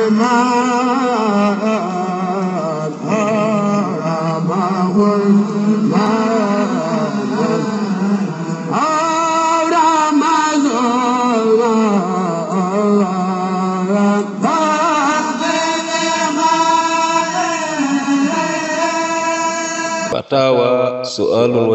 ma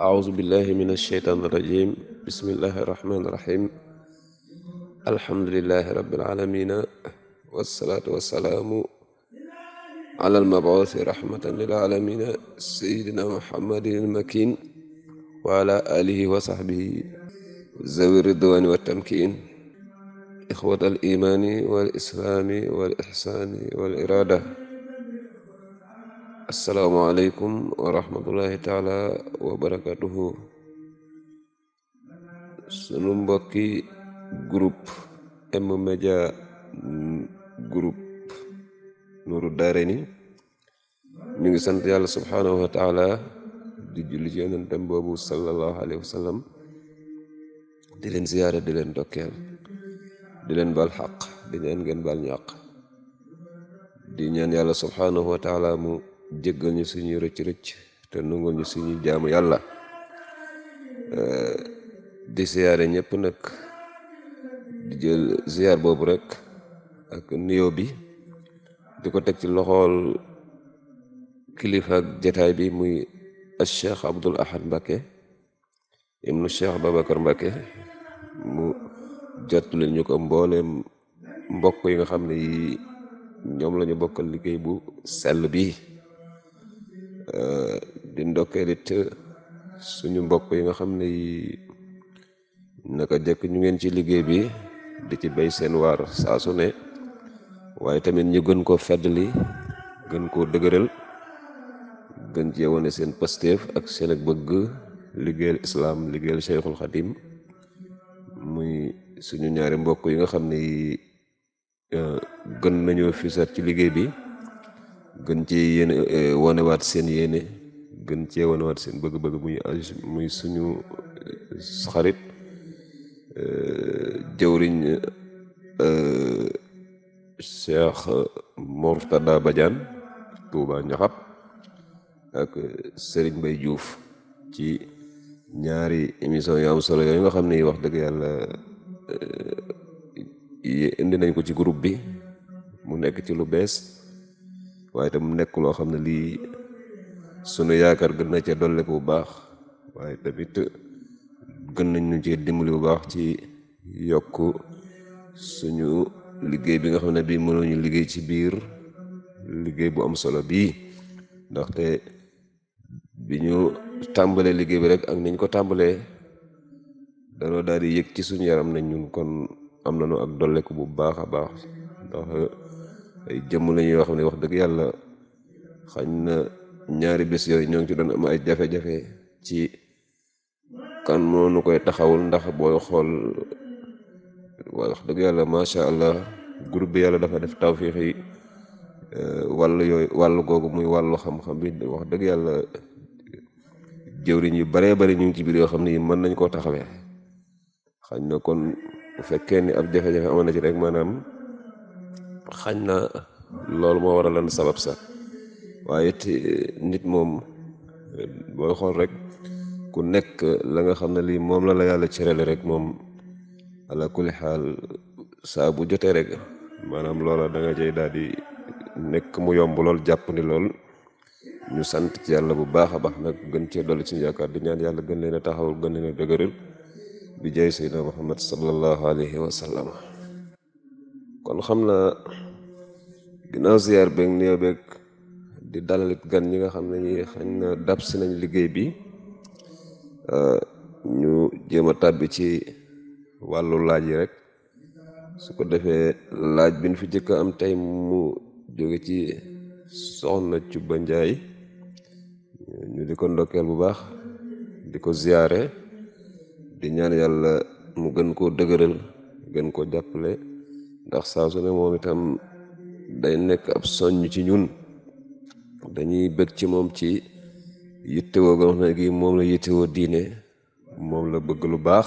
أعوذ بالله من الشيطان الرجيم بسم الله الرحمن الرحيم الحمد لله رب العالمين والصلاة والسلام على المبعوث رحمة للعالمين سيدنا محمد المكين وعلى آله وصحبه ذوي الرضوان والتمكين إخوة الإيمان والإسلام والإحسان والإرادة asalaamualeykum wa rahmatullahi taala wa barakatuhu sunu mbokki groupe M-Media groupe Nourou Darayni ñu ngi sant yàlla subhaanahu wa taala di julli ci yonentam boobu sallallahu alayhi wa sallam di leen ziyaara di leen dokkeel di leen baal xaq di leen ngeen baal ñàq di ñaan yàlla subhaanahu wa taala jéggal ñu suñuy rëcc rëcc te nangul ñu suñuy jaamu yàlla eh, di siyaare ñëpp nag di jël siyaar boobu rek ak nuyoo bi di ko teg ci loxool kilifa ak jataay bi muy Cheikh Abdul Ahad Mbacké ibnu Cheikh Babacar Mbacké mu jottali ñu ko mbooleem mbokk yi nga xam ne yi ñoom la ñu bokkal liggéey bu sell bi Eh, di ndokkeelit eh, suñu mbokk yi nga xam ni yi naka jëkk ñu ngeen ci liggéey bi di ci bay seen waar saa su ne waaye tamit ñu gën koo feddali gën koo dëgëral gën cee wone seen pasteef ak seen ak bëgg liggéeyal islaam liggéeyal cheikhul xadim muy suñu ñaari mbokk yi nga xam ni eh, gën nañoo fisat ci liggéey bi gën ci yéen eh, wanewaat seen yéene gën cee wanewaat seen bëgg-bëgg muy muy suñu eh, xarit eh, jëwriñ Cheikh Mourtada Badiane Touba Ñaxab ak sëriñ bay Diouf ci ñaari émission yu am solo yooyu nga xam ne wax dëgg yàlla indi nañ ko ci groupe bi mu nekk ci lu bees waaye tam mu nekk loo xam ne lii sunu yaakaar gën na cee dolli bu baax waaye tamit gën nañu cee dimbali bu baax ci yokk suñu liggéey bi nga xam ne bii mënuñu liggéey ci biir liggéey bu am solo bii ndaxte bi ñu tàmbalee liggéey bi rek ak niñ ko tàmbalee danoo daal di yëg ci suñu yaram ne ñun kon am nañu ak ko bu baax a baax ay jëmm lañu yoo xam ne wax dëgg yàlla xañ na ñaari bis yooyu ñoo ngi ci doon am ay jafe-jafe ci kan moonu koy taxawul ndax booy xool waaye wax dëgg yàlla macha allah groupe bi yàlla dafa def tawfiix yi eh, wàllu yooyu wàllu kooku muy wàllu xam-xam bi wax dëgg yàlla jëwriñ yu baree bari ñu ngi ci biir yoo xam ne yi mën nañ koo taxawee xañ na kon fekkee ni ab jafe-jafe amoon ci rek maanaam xañ na loolu moo war a lan sabab sax waaye it eh, nit moom eh, booy xool rek ku nekk la nga xam ne lii moom la la yàlla cërale rek moom ala kulli xaal saa bu jotee rek maanaam loola da nga jey daal di nekk mu yomb lool jàpp ni lool ñu sant ci yàlla bu baax a baax nag gën cee dolli ci yaakaar di ñaan yàlla gën leen a taxawul gën leen a dëgëral bi jay sayyidina muhammad sallallahu alayhi wa sallam kon xam naa ginnaaw ziar beeg nuyoo beeg di dalalit gan ñi nga xam ne ñi xañ na dab si nañ liggéey bi euh, ñu jéem a tàbbi ci wàllu laaj yi rek su ko defee laaj bi ñu fi jëkk am tey mu jóge ci soxna Cuba Njaay ñu di ko ndokkeel bu baax di ko ziyaare di ñaan yàlla mu gën koo dëgëral gën koo jàppale ndax saa su ne moom itam day nekk ab soññ ci ñun dañuy bëgg ci moom ci yittewoo goo xam gi moom la yittewoo diine moom la bëgg lu baax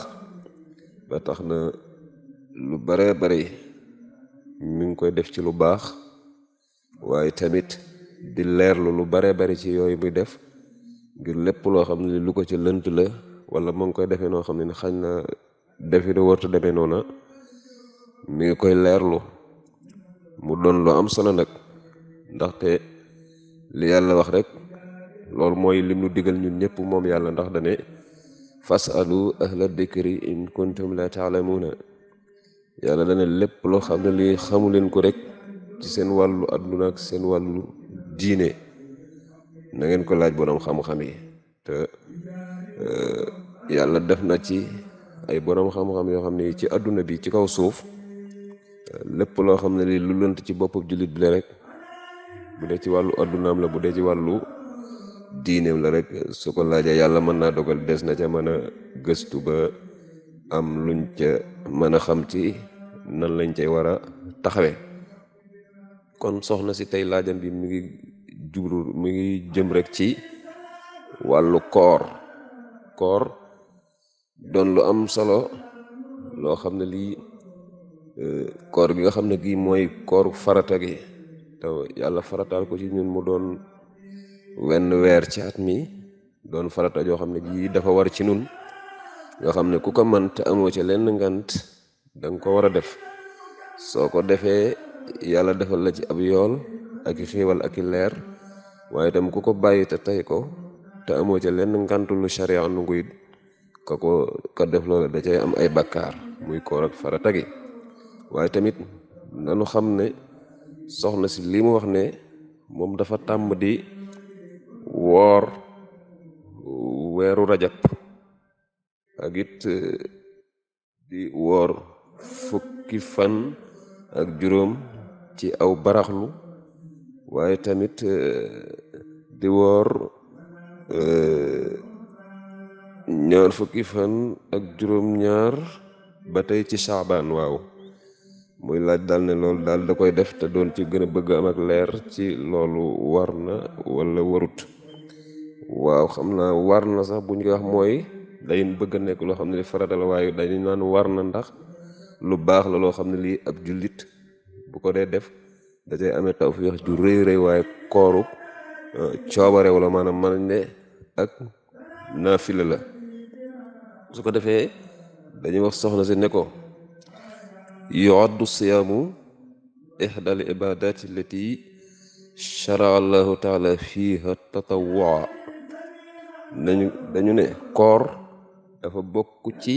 ba tax na lu bare bare mi ngi koy def ci lu baax waaye tamit di leerlu lu bare bare ci yooyu muy def ngir lépp loo xam ne lu ko ci lënt la wala mu ngi koy defee noo xam ne ni xañ na defi nu wartu demee noona mi ngi koy leerlu mu doon lu am solo nag ndaxte li yàlla wax rek loolu mooy lim nu digal ñun ñëpp moom yàlla ndax dane fasalu ahla dikri in kuntum la taalamuuna yàlla dane lépp loo xam ne li xamu ko rek ci seen wàllu àdduna ak seen wàllu diine na ngeen ko laaj boroom xam-xam yi te eh, yàlla def na ci ay boroom xam-xam yoo xam ne ci àdduna bi ci kaw suuf lépp loo xam ne li lu lënt ci bopp jullit bi la rek bu dee ci wàllu addunaam la bu dee ci wàllu diineem la rek su ko laajee yàlla mën naa dogal des na ca mën a gëstu ba am luñ ca mën a xam ci nan lañ cay war a taxawee kon soxna si tey laajam bi mu ngi jublu mu ngi jëm rek ci wàllu koor koor doon lu am solo loo xam ne lii Euh, koor gi nga xam ne gii mooy kooru farata gi te yàlla faratal ko ci ñun mu doon wenn weer ci at mi doon farata joo xam ne jii dafa war ci nun nga xam ne ku ko man te amoo ci lenn ngant da ko war a def soo ko defee yàlla defal la ci ab yool ak i xiiwal ak i leer waaye itam ku ko bàyyi te tey ko te amoo ci lenn ngantu lu sharia nu nguy ka ko ka def loola da cay am ay bakkaar muy koor ak farata gi waaye tamit nanu xam ne soxna si li mu wax ne moom dafa tàmm di woor weeru rajab ak it eh, di woor fukki fan ak juróom ci aw baraxlu waaye tamit eh, di woor eh, ñaar fukki fan ak juróom ñaar ba tey ci saabaan waaw muy laaj daal ne loolu daal da koy def te doon ci gën a bëgg am ak leer ci loolu war na wala warut waaw xam naa war na sax bu ñu koy wax mooy dañ bëgg nekk loo xam ne li farata la waaye dañu naan war na ndax lu baax la loo xam ne lii ab jullit bu ko dee def da cay amee tawfeex ju rëy rëy waaye kooru euh, coobare wala maanaam mën ne ak naafila la su ko defee dañuy wax soxna si ne ko yuwaddu siyaamu ixda al ibaadaati allati sharaa allahu taala fiiha tatawwua dañu dañu ne koor dafa bokk ci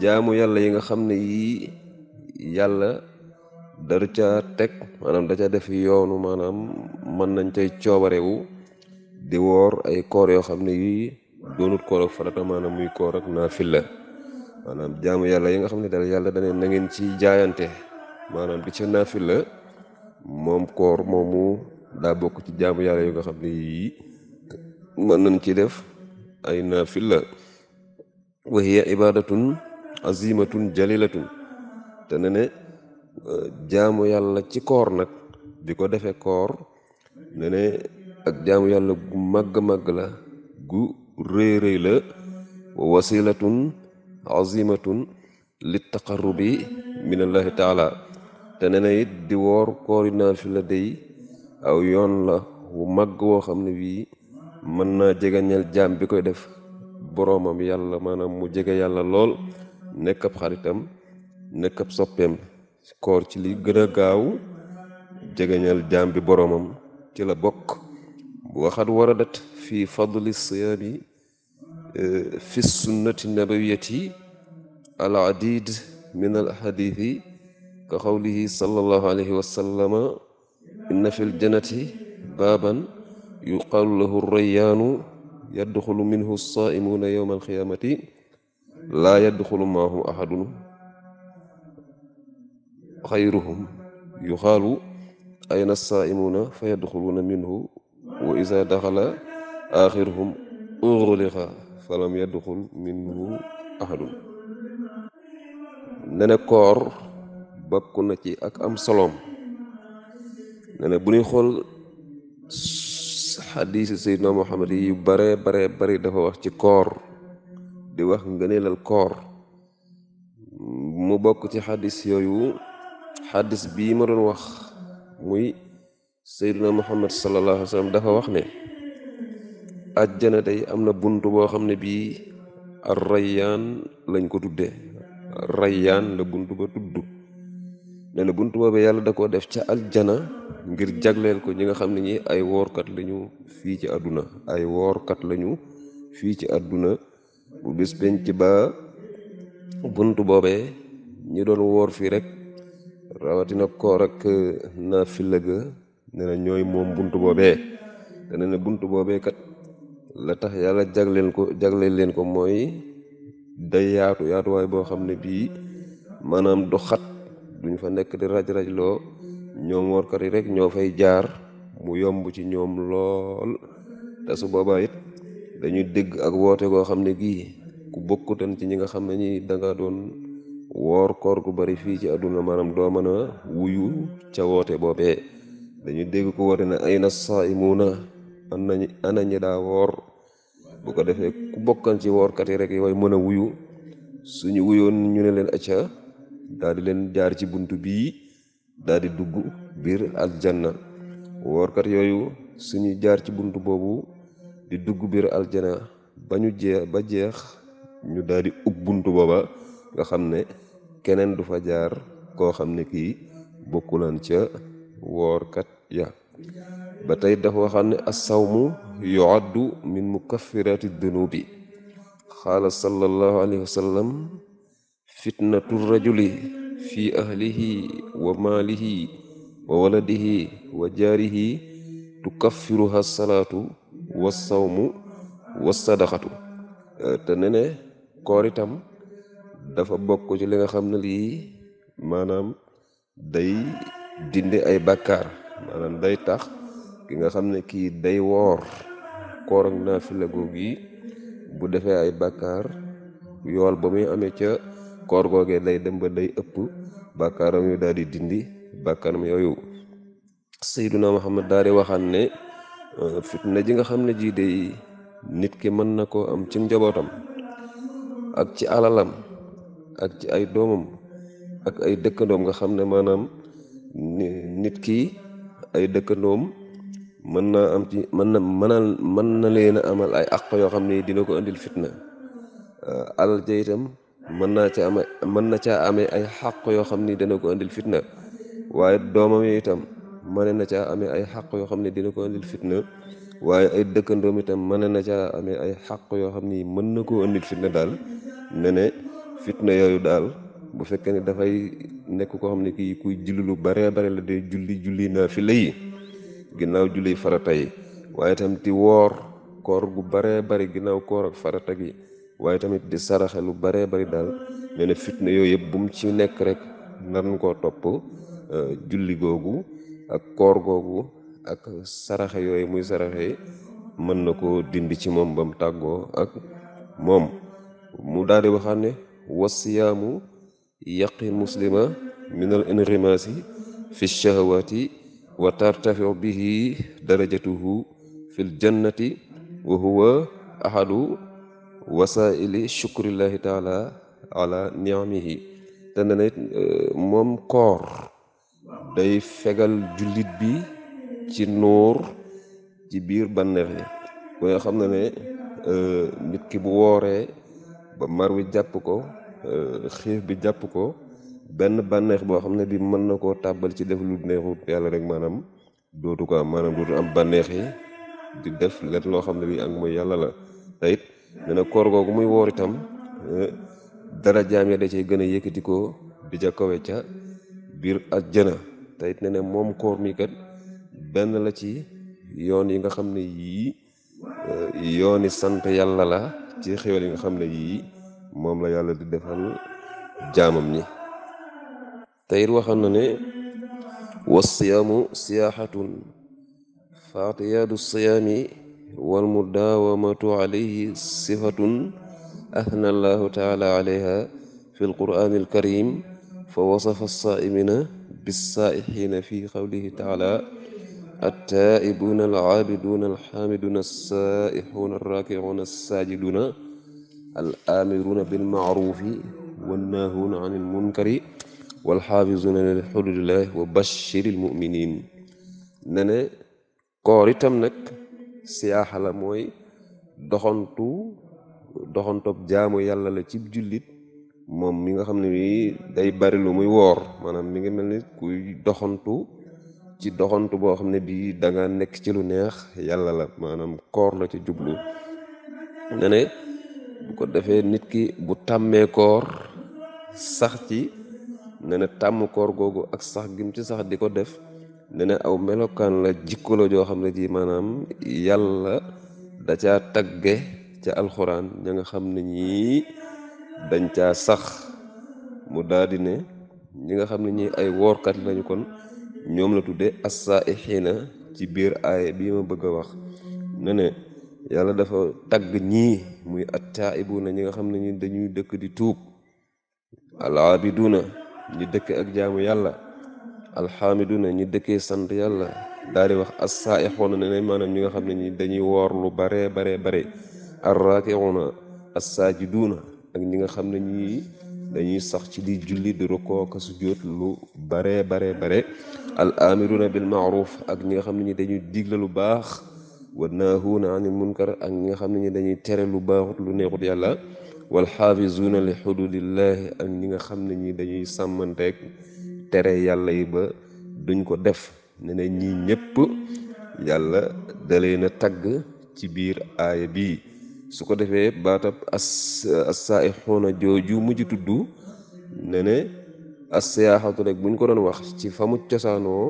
jaamu yàlla yi nga xam ne yii yàlla daru ca teg maanaam da ca def yoonu maanaam mën nañ cay coobarewu di woor ay koor yoo xam ne yii doonut koor ak farata maanaam muy koor ak naafila maanaam jaamu yàlla yi nga xam ne daal yàlla da na ngeen ci jaayante maanaam di ca naafi la moom koor moomu daa bokk ci jaamu yàlla yu nga xam ne yii mën nañ ci def ay naafi la wa hiya ibadatun azimatun jalilatun te ne jaamu yàlla ci koor nag di ko defee koor ne ne ak jaamu yàlla gu màgg-màgg la gu rëy rëy la wasilatun azimatun li taqarrubi minallahi taala te nee na it di woor koori la day aw yoon la wu màgg woo xam ne wii mën naa jegañal jaam bi koy def boroomam yàlla maanaam mu jege yàlla lool nekk ab xaritam nekk ab soppeem koor ci li gën a gaaw jegeñal jaam bi boroomam ci la bokk waxat waradat fi fadli siyaami E, fi sunnati nabawiyati al adid min al ahadithi ka xawlihi sallallahu alayhi wa sallama inna fi ljannati baaban yuqaalu lahu rayyaanu yadxulu minhu saaimuuna yowma alqiyaamati laa yadxulu maahu ahadun xayruhum yuqaalu ayna saaimuuna fa yadxuluuna minhu wa iza daxala axiruhum uxliqa falam yadxul minhu ahadun ne nene koor bokku na ci ak am soloom ne ne bu ñuy xool xadiisi seydina muhammad yi bare bare bari dafa wax ci koor di wax lal koor mu bokk ci xaddis yooyu xaddis bii ma doon wax muy seydina muhammad sallallahu alayhi wa sallam dafa wax ne ajjana tey am na bunt boo xam ne bii rayyaan lañ ko tuddee rayyaan la bunt ba tudd ne na bunt boobu yàlla da koo def ca aljana ngir jagleel ko ñi nga xam ne ñi ay woorkat lañu fii ci àdduna ay woorkat lañu fii ci àdduna bu bis penc ba bunt boobee ñi doon woor fii rek rawatina koor ak naafila ga ne na ñooy moom bunt boobee te ne na bunt boobee kat la tax yàlla jagleen ko jagleel leen ko mooy day yaatu yaatuwaay boo xam ne bii maanaam du xat duñ fa nekk di raj-raj loo ñoom workat yi rek ñoo fay jaar mu yomb ci ñoom lool te su dégg ak woote goo xam ne gii ku bokkutan ci ñi nga xam ne ñi danga koor gu bari fii ci àdduna maanaam doo mën a wuyu ca woote boobee dañu dégg ko woote ne ay na saa imuuna an nañ ana ñi woor bu ko defee ku bokkan ci woorkat yi rek yooyu mën a wuyu suñu wuyoon ñu ne leen acca daldi leen jaar ci bunt bii daldi dugg biir aljanna woorkat yooyu suñu jaar ci bunt boobu di dugg biir aljana ba ñu jeex ba jeex ñu daldi di ub bunt booba nga xam ne keneen du fa jaar koo xam ne kii bokkulaan ca woorkat ya ba tey dafa xam ne as sawmu yuaddu min mukaffirati dunubi qaala sallallahu alayhi wa sallam fitnatu rajuli fi ahlihi wa maalihi wa waladihi wa jaarihi tukaffiruha salaatu wa sawmu wa sadaqatu te ne ne koor itam dafa bokk ci li nga xam ne lii maanaam day dindi ay bàkkaar maanaam day tax ki nga xam ne kii day woor koor ak naafila googu bu defee ay bàkkaar yool ba muy amee ca koor googee day dem ba day ëpp bàkkaaram yu daal di dindi bàkkaaram yooyu sayduna muhammad daal di waxaan ne euh, fitna ji nga xam ne jii day nit ki mën na koo am ci njabootam ak ci alalam ak ci ay doomam ak ay dëkkandoom nga xam ne maanaam nit ki ay dëkkandoom mën na am ci mën na mënal mën na leen amal ay àq yoo xam dina ko indil fitna ah, alal ja itam mën naa ca amee mën na caa amee ay xàq yoo xam ni dina ko indil fitna waaye doomam yi itam mën na caa amee ay xàq yoo xam ne dina ko indil fitna waaye ay dëkkandoom itam mën na caa amee ay xàq yoo xam ni mën na ko indil fitna daal ne ne fitna yooyu daal bu fekkee ne dafay nekk ko xam ne kii kuy julli lu baree bare la day julli julli naa fi la ginnaaw julli farata yi waaye tamit di woor koor gu bare bari ginnaaw koor ak farata gi waaye tamit di saraxe lu baree bari daal nee fitna yooyu yëpp bu ci nekk rek nan koo topp euh, julli googu ak koor googu ak saraxe yooyu muy saraxe mën na ko dindi ci moom ba tàggoo ak moom mu daal di waxaat ne wasiyaamu yaqi muslima minal inrimasi fi shahawaati wa tartafiu bihi darajatuhu fil jannati wa huwa ahadu wasaili shukrillahi taala ala niamihi te ne it e, moom koor day fegal jullit bi ci nuur ci biir bànneex yi xam ne ne e, nit ki bu wooree ba mar wi jàpp ko e, xiif bi jàpp ko benn bànneex boo xam ne bi mën na koo tàbbal ci def lu neexut yàlla rek maanaam dootu ko am maanaam dootu am bànneex yi di def len loo xam ne bii ak mooy yàlla la te koor googu muy woor itam eh, dara jaam da cee gën a yëkkati ko ca kawe ca biir àjjana te it moom koor mi kat benn la ci yoon yi nga xam ne yii eh, yooni sant yàlla la ci xéwal yi nga xam ne yii moom la yàlla di defal jaamam ñi te it waxam na ne wasiyaamu siyaaxatun faatiyaadu siyaami wal mudaawamatu alayhi sifatun athna allahu taala alayha fi alqur'ani alkarim fa wasafa alsaaimina bilsaaixina fi qawlihi taala altaaibuuna alcaabiduuna alxaamiduuna alsaaixuuna alraakicuuna alsaajiduuna alamiruuna bilmacrufi wannaahuuna an ilmunkari walxaafisuuna li xuduudillah wa bashiril muminin ne ne koor itam nag siyaaxa la mooy doxantu doxantob jaamu yàlla la cib jullit moom mi nga xam ne nii day bari lu muy woor maanaam mi ngi mel ni kuy doxantu ci doxantu boo xam ne bii da nekk ci lu neex yàlla la maanaam koor la ci jublu ne bu ko defee nit ki bu tàmmee koor sax ci ne na tàmm koor googu ak sax gim ci sax di ko def ne aw melokaan la jikko joo xam ne ji maanaam yàlla da caa tagge ca alxuraan ña nga xam ne ñii dañ caa sax mu daldi ne ñi nga xam ne ñi ay woorkat lañu kon ñoom la tudde as-saa'ixiina ci biir aaya bii ma bëgg a wax ne ne yàlla dafa tagg ñii muy at na ñi nga xam ne ñi dañuy dëkk di tuub al ñi dëkke ak jaamu yàlla alxaamiduna ñi dëkkee sant yàlla daal di wax assaa'ixuuna ne nañ maanaam ñi nga xam ne ñi dañuy woor lu baree baree bare arraakiuuna assaajiduuna ak ñi nga xam ne ñi dañuy sax ci di julli di rukkoo ka sujjóot lu baree baree bare al amiruna bil maaruf ak ñi nga xam ne ñi dañuy digle lu baax wa naahuuna anil munkar ak ñi nga xam ne ñi dañuy tere lu baaxut lu neexut yàlla walxaafisuuna li xududillahi ak ñi nga xam ne ñi dañuy sàmmanteeg tere yàlla yi ba duñ ko def ne na ñi ñépp yàlla da leen a tagg ci biir aaya bi su ko defee baatab a jooju mu tudd ne ne assiyaaxatu rek buñ ko doon wax ci fa mu cosaanoo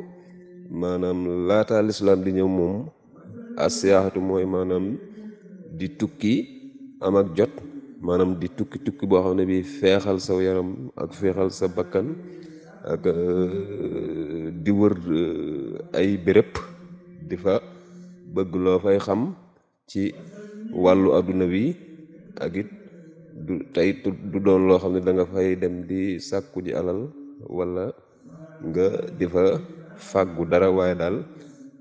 maanaam laata lislaam di ñëw moom assiyaaxatu mooy maanaam di tukki am ak jot maanaam di tukki tukki boo xam ne bi feexal saw yaram ak feexal sa bakkan ak euh, di wër euh, ay béréb di fa bëgg loo fay xam ci wàllu àdduna bi ak it du tey du doon loo xam ne danga fay dem di sàkku ji alal wala nga di fa fàggu dara waaye daal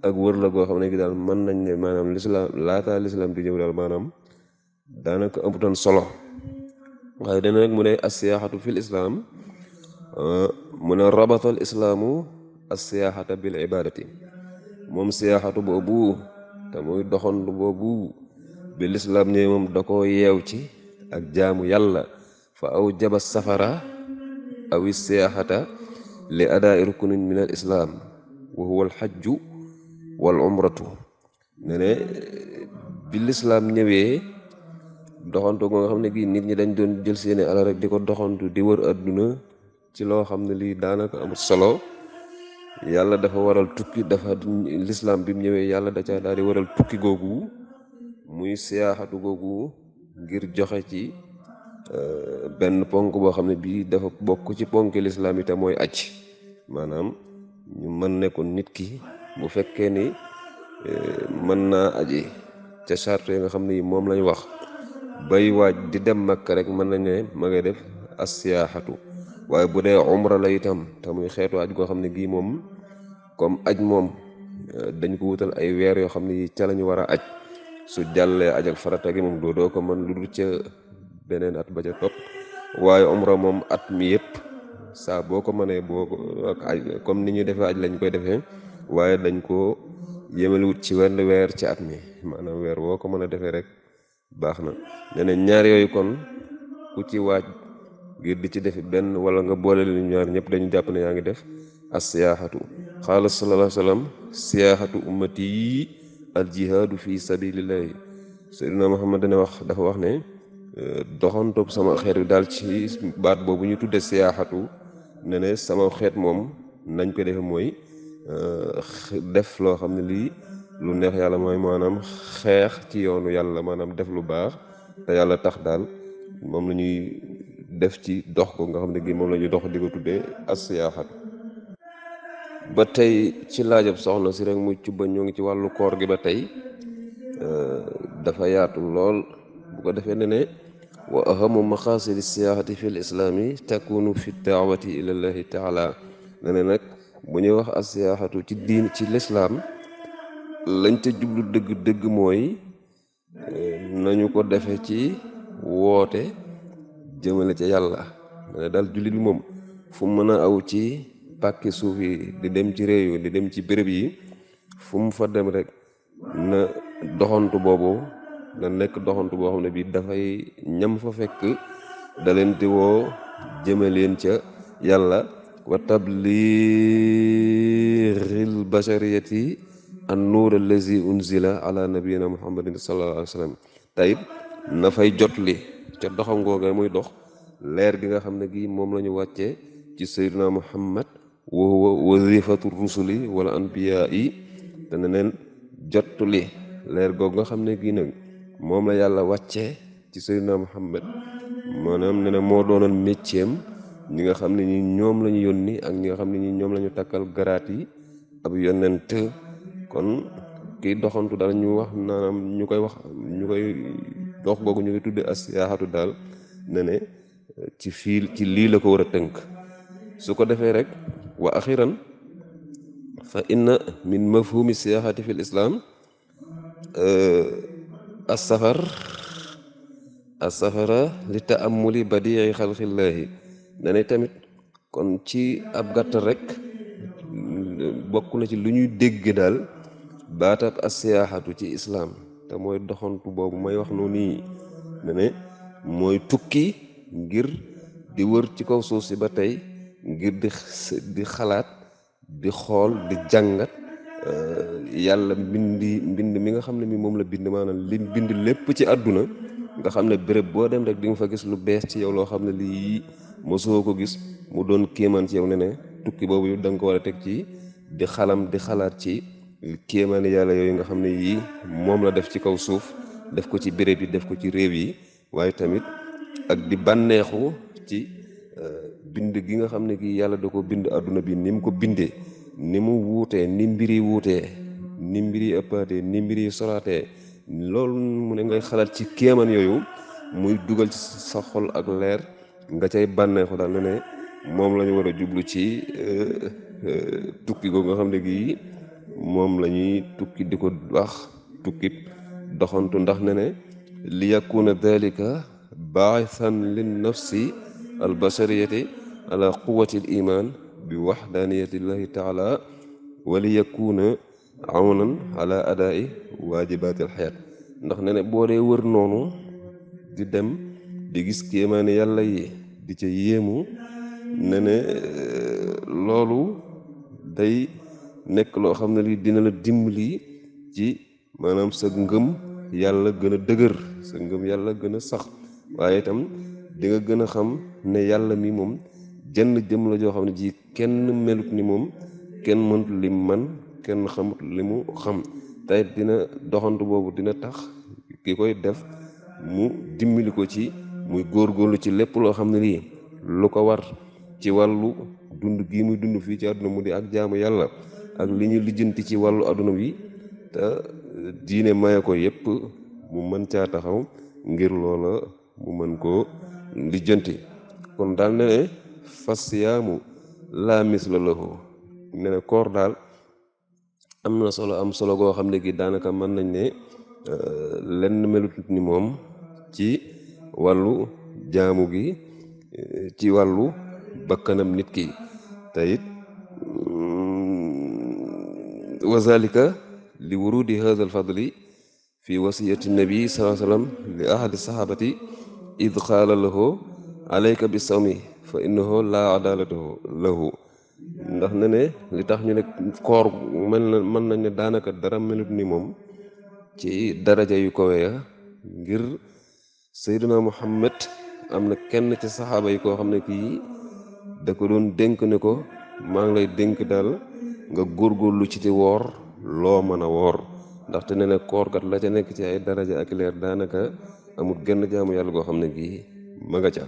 ak wër la goo xam ne gi daal mën nañ ne maanaam lislaam laataa lislaam di ñëw daal maanaam daanaka amutoon solo waaye dana nag mu ne assiyaaxatu fil islaam ah, mu ne rabatal islaamu assiyaaxata bil ibadati moom siyaaxatu boobu te doxandu boobu bi lislaam ñëw moom da yeew ci ak jaamu yàlla fa aw jaba safara awi siyaaxata li adaa rukunin min al islaam wa huwa al xajju wal umratu ne ne bi ñëwee doxantu ko nga xam ne gii nit ñi dañ doon jël seeni alal rek di ko doxantu di wër adduna ci loo xam ne lii daanaka amul solo yàlla dafa waral tukki dafa lislaam bi mu ñëwee yàlla da caa daal di waral tukki googu muy siyaaxatu googu ngir joxe ci euh, benn ponk boo xam ne bii dafa bokk ci ponk lislaam yi te mooy aj maanaam ñu mën ne ko nit ki bu fekkee ni euh, mën naa aji ca charte yi nga xam ne yi moom lañ wax bay waaj di dem Makka rek mën nañ ne ma def def asiyaaxatu waaye bu dee umra la itam te muy xeetu aj goo xam ne gii moom comme aj moom eh, dañ ko wutal ay weer yoo xam ne yi ca lañu war a aj su jàllee aj ak moom doo ko mën lu dul beneen at ba ca topp waaye umra moom at mi yëpp saa boo ko mënee boo ko ak aj comme ni ñuy defee aj lañ koy defee waaye dañ ko yémalewut ci wenn weer ci at mi maanaam weer woo ko mën a defee rek baax na nee na ñaar yooyu kon ku ci waaj ngir di ci defi benn wala nga boole lu ñaar ñëpp dañu jàpp ne yaa ngi def as siyaaxatu xaala sallallahu alayhi wa sallam siyaaxatu ummati yi al jihaadu fi sabilillahi seydina Muhammad dana wax dafa wax ne eh, doxantob sama xeet daal ci baat boobu ñu tudde siyaaxatu ne ne sama xeet moom nañ ko defe mooy eh, def loo xam ne lii lu neex yàlla mooy maanaam xeex ci yoonu yàlla maanaam def lu baax te yàlla tax daal moom lañuy def ci dox ko nga xam ne gi moom la dox di ko asiyaaxat ba tey ci laajab soxna si rek mucc ba ñoo ngi ci wàllu koor gi ba tey euh, dafa yaatu lool bu ko defee ne ne wa ahamu maqasidi siyaahati fi l islaami takunu fi daawati ilallahi ne nag bu ñuy wax asiyaaxatu ci diin ci lislaam lañ ca jublu dëgg dëgg mooy eh, nañu ko defe ci woote jëmale ca yàlla ma ne daal jullit bi moom fu mën a aw ci pàkki suuf yi di dem ci réew yi di dem ci béréb yi fu mu fa dem rekk na doxantu boobu na nekk doxantu boo xam ne bii dafay ñam fa fekk da leen di woo jëme leen ca yàlla wa tabliiril an nuur allazi unzila ala nabiyina muhammadin sallallahu alayhi wa sallam tayit na fay jot li ca doxam googa muy dox leer gi nga xam ne gi moom la ñu wàccee ci seyduna muhammad wa huwa wazifatu rusuli wala anbiya'i dana leen jot leer googu nga xam ne gi nag moom la yàlla wàccee ci sayyidina muhammad maanaam ne ne moo doonoon métieram ñi nga xam ne ñi ñoom lañu ñu yónni ak ñi nga xam ne ñi ñoom lañu takkal garaat yi ab yonent kon kii doxantu daal ñu wax ñu koy wax ñu koy dox googu ñu koy tudde as yaaxatu daal ne ci fii ci lii la ko war tënk su ko defee rek wa axiran fa inna min mafhumi siyaxati fi l euh, safar asafar safara li taamuli badii xalqillaahi dane tamit kon ci ab gàttal rek bokk ci lu ñuy dégg daal baatab asiyaaxatu ci islaam te mooy doxantu boobu may wax noonu nii ne mooy tukki ngir di wër ci kaw suuf si ba tey ngir di di xalaat di xool di jàngat eh, yàlla mbindi mbind mi nga xam ne mi moom la bind maanaam li bind lépp ci àdduna nga xam ne bërëb boo dem rek di nga fa gis lu bees ci yow loo xam ne lii mosoo ko gis mu doon kéemaan ci yow ne tukki boobu da nga ko war a teg ci di xalam di xalaat ci kéemaani yàlla yooyu nga xam ne yii moom la def ci kaw suuf def ko ci béréb yi def ko ci réew yi waaye tamit ak di bànneexu ci euh, bind gi nga xam ne gi yàlla da ko bind àdduna bi ni mu ko bindee ni mu wuutee ni mbir yi wuutee ni mbir yi ëppaatee ni mbir yi soraatee loolu mu ne ngay xalaat ci kéeman yooyu muy dugal ci sa xol ak leer nga cay bànneexu daal ne ne moom lañu ñu war a jublu ci euh, euh, tukki googu nga xam ne gii moom lañuy tukki di ko doxantu ndax ne ne li yakuna dalika baaisan lin nafsi al bashariyati ala quwati al iman bi waxdaaniyati llahi taala wa li yakuna ala adaai waajibaati al ndax ne boo dee wër noonu di dem di gis kéemaane yàlla yi di ca yéemu ne loolu day nekk loo xam ne lii dina la dimbali ci maanaam sa ngëm yàlla gën a dëgër sa ngëm yàlla gën a sax waaye itam dinga nga gën a xam ne yàlla mi moom jën jëm la joo xam ne ji kenn melut ni moom kenn mënut li man kenn xamut li mu xam tey dina doxantu boobu dina tax ki koy def mu dimbali ko ci muy góor góorlu ci lépp loo xam ne lii lu ko war ci wàllu dund gii muy dund fii ci àdduna mu di ak jaamu yàlla ak li ñu lijjanti ci wàllu àdduna bi te diine maye ko yépp mu mën caa taxaw ngir loola mu mën koo lijjanti kon daal ne ne fas yaamu laa misla lahu ne ne koor daal am na solo am solo goo xam ne gi daanaka mën nañ ne euh, lenn melutut ni moom ci wàllu jaamu gi ci wàllu bakkanam nit ki te mm, wa zalika li wurudi hadha al fadli fi wasiyati nabi sallallahu alayhi wa id qaala lahu alayka bi sawmi fa innahu la adalatahu lahu ndax ne ne li tax ñu ne koor mel mën nañ ne daanaka dara melut ni moom ci daraja yu ko weya ngir seyduna muhammad am na kenn ci saxaaba yi koo xam ne kii da ko doon dénk ne ko maa ngi lay dénk daal nga góor góor lu ci di woor loo mën a woor ndaxte ne ne koor kat la ca nekk ci ay daraja ak leer daanaka amul genn jaamu yàlla goo xam ne gii ma nga ca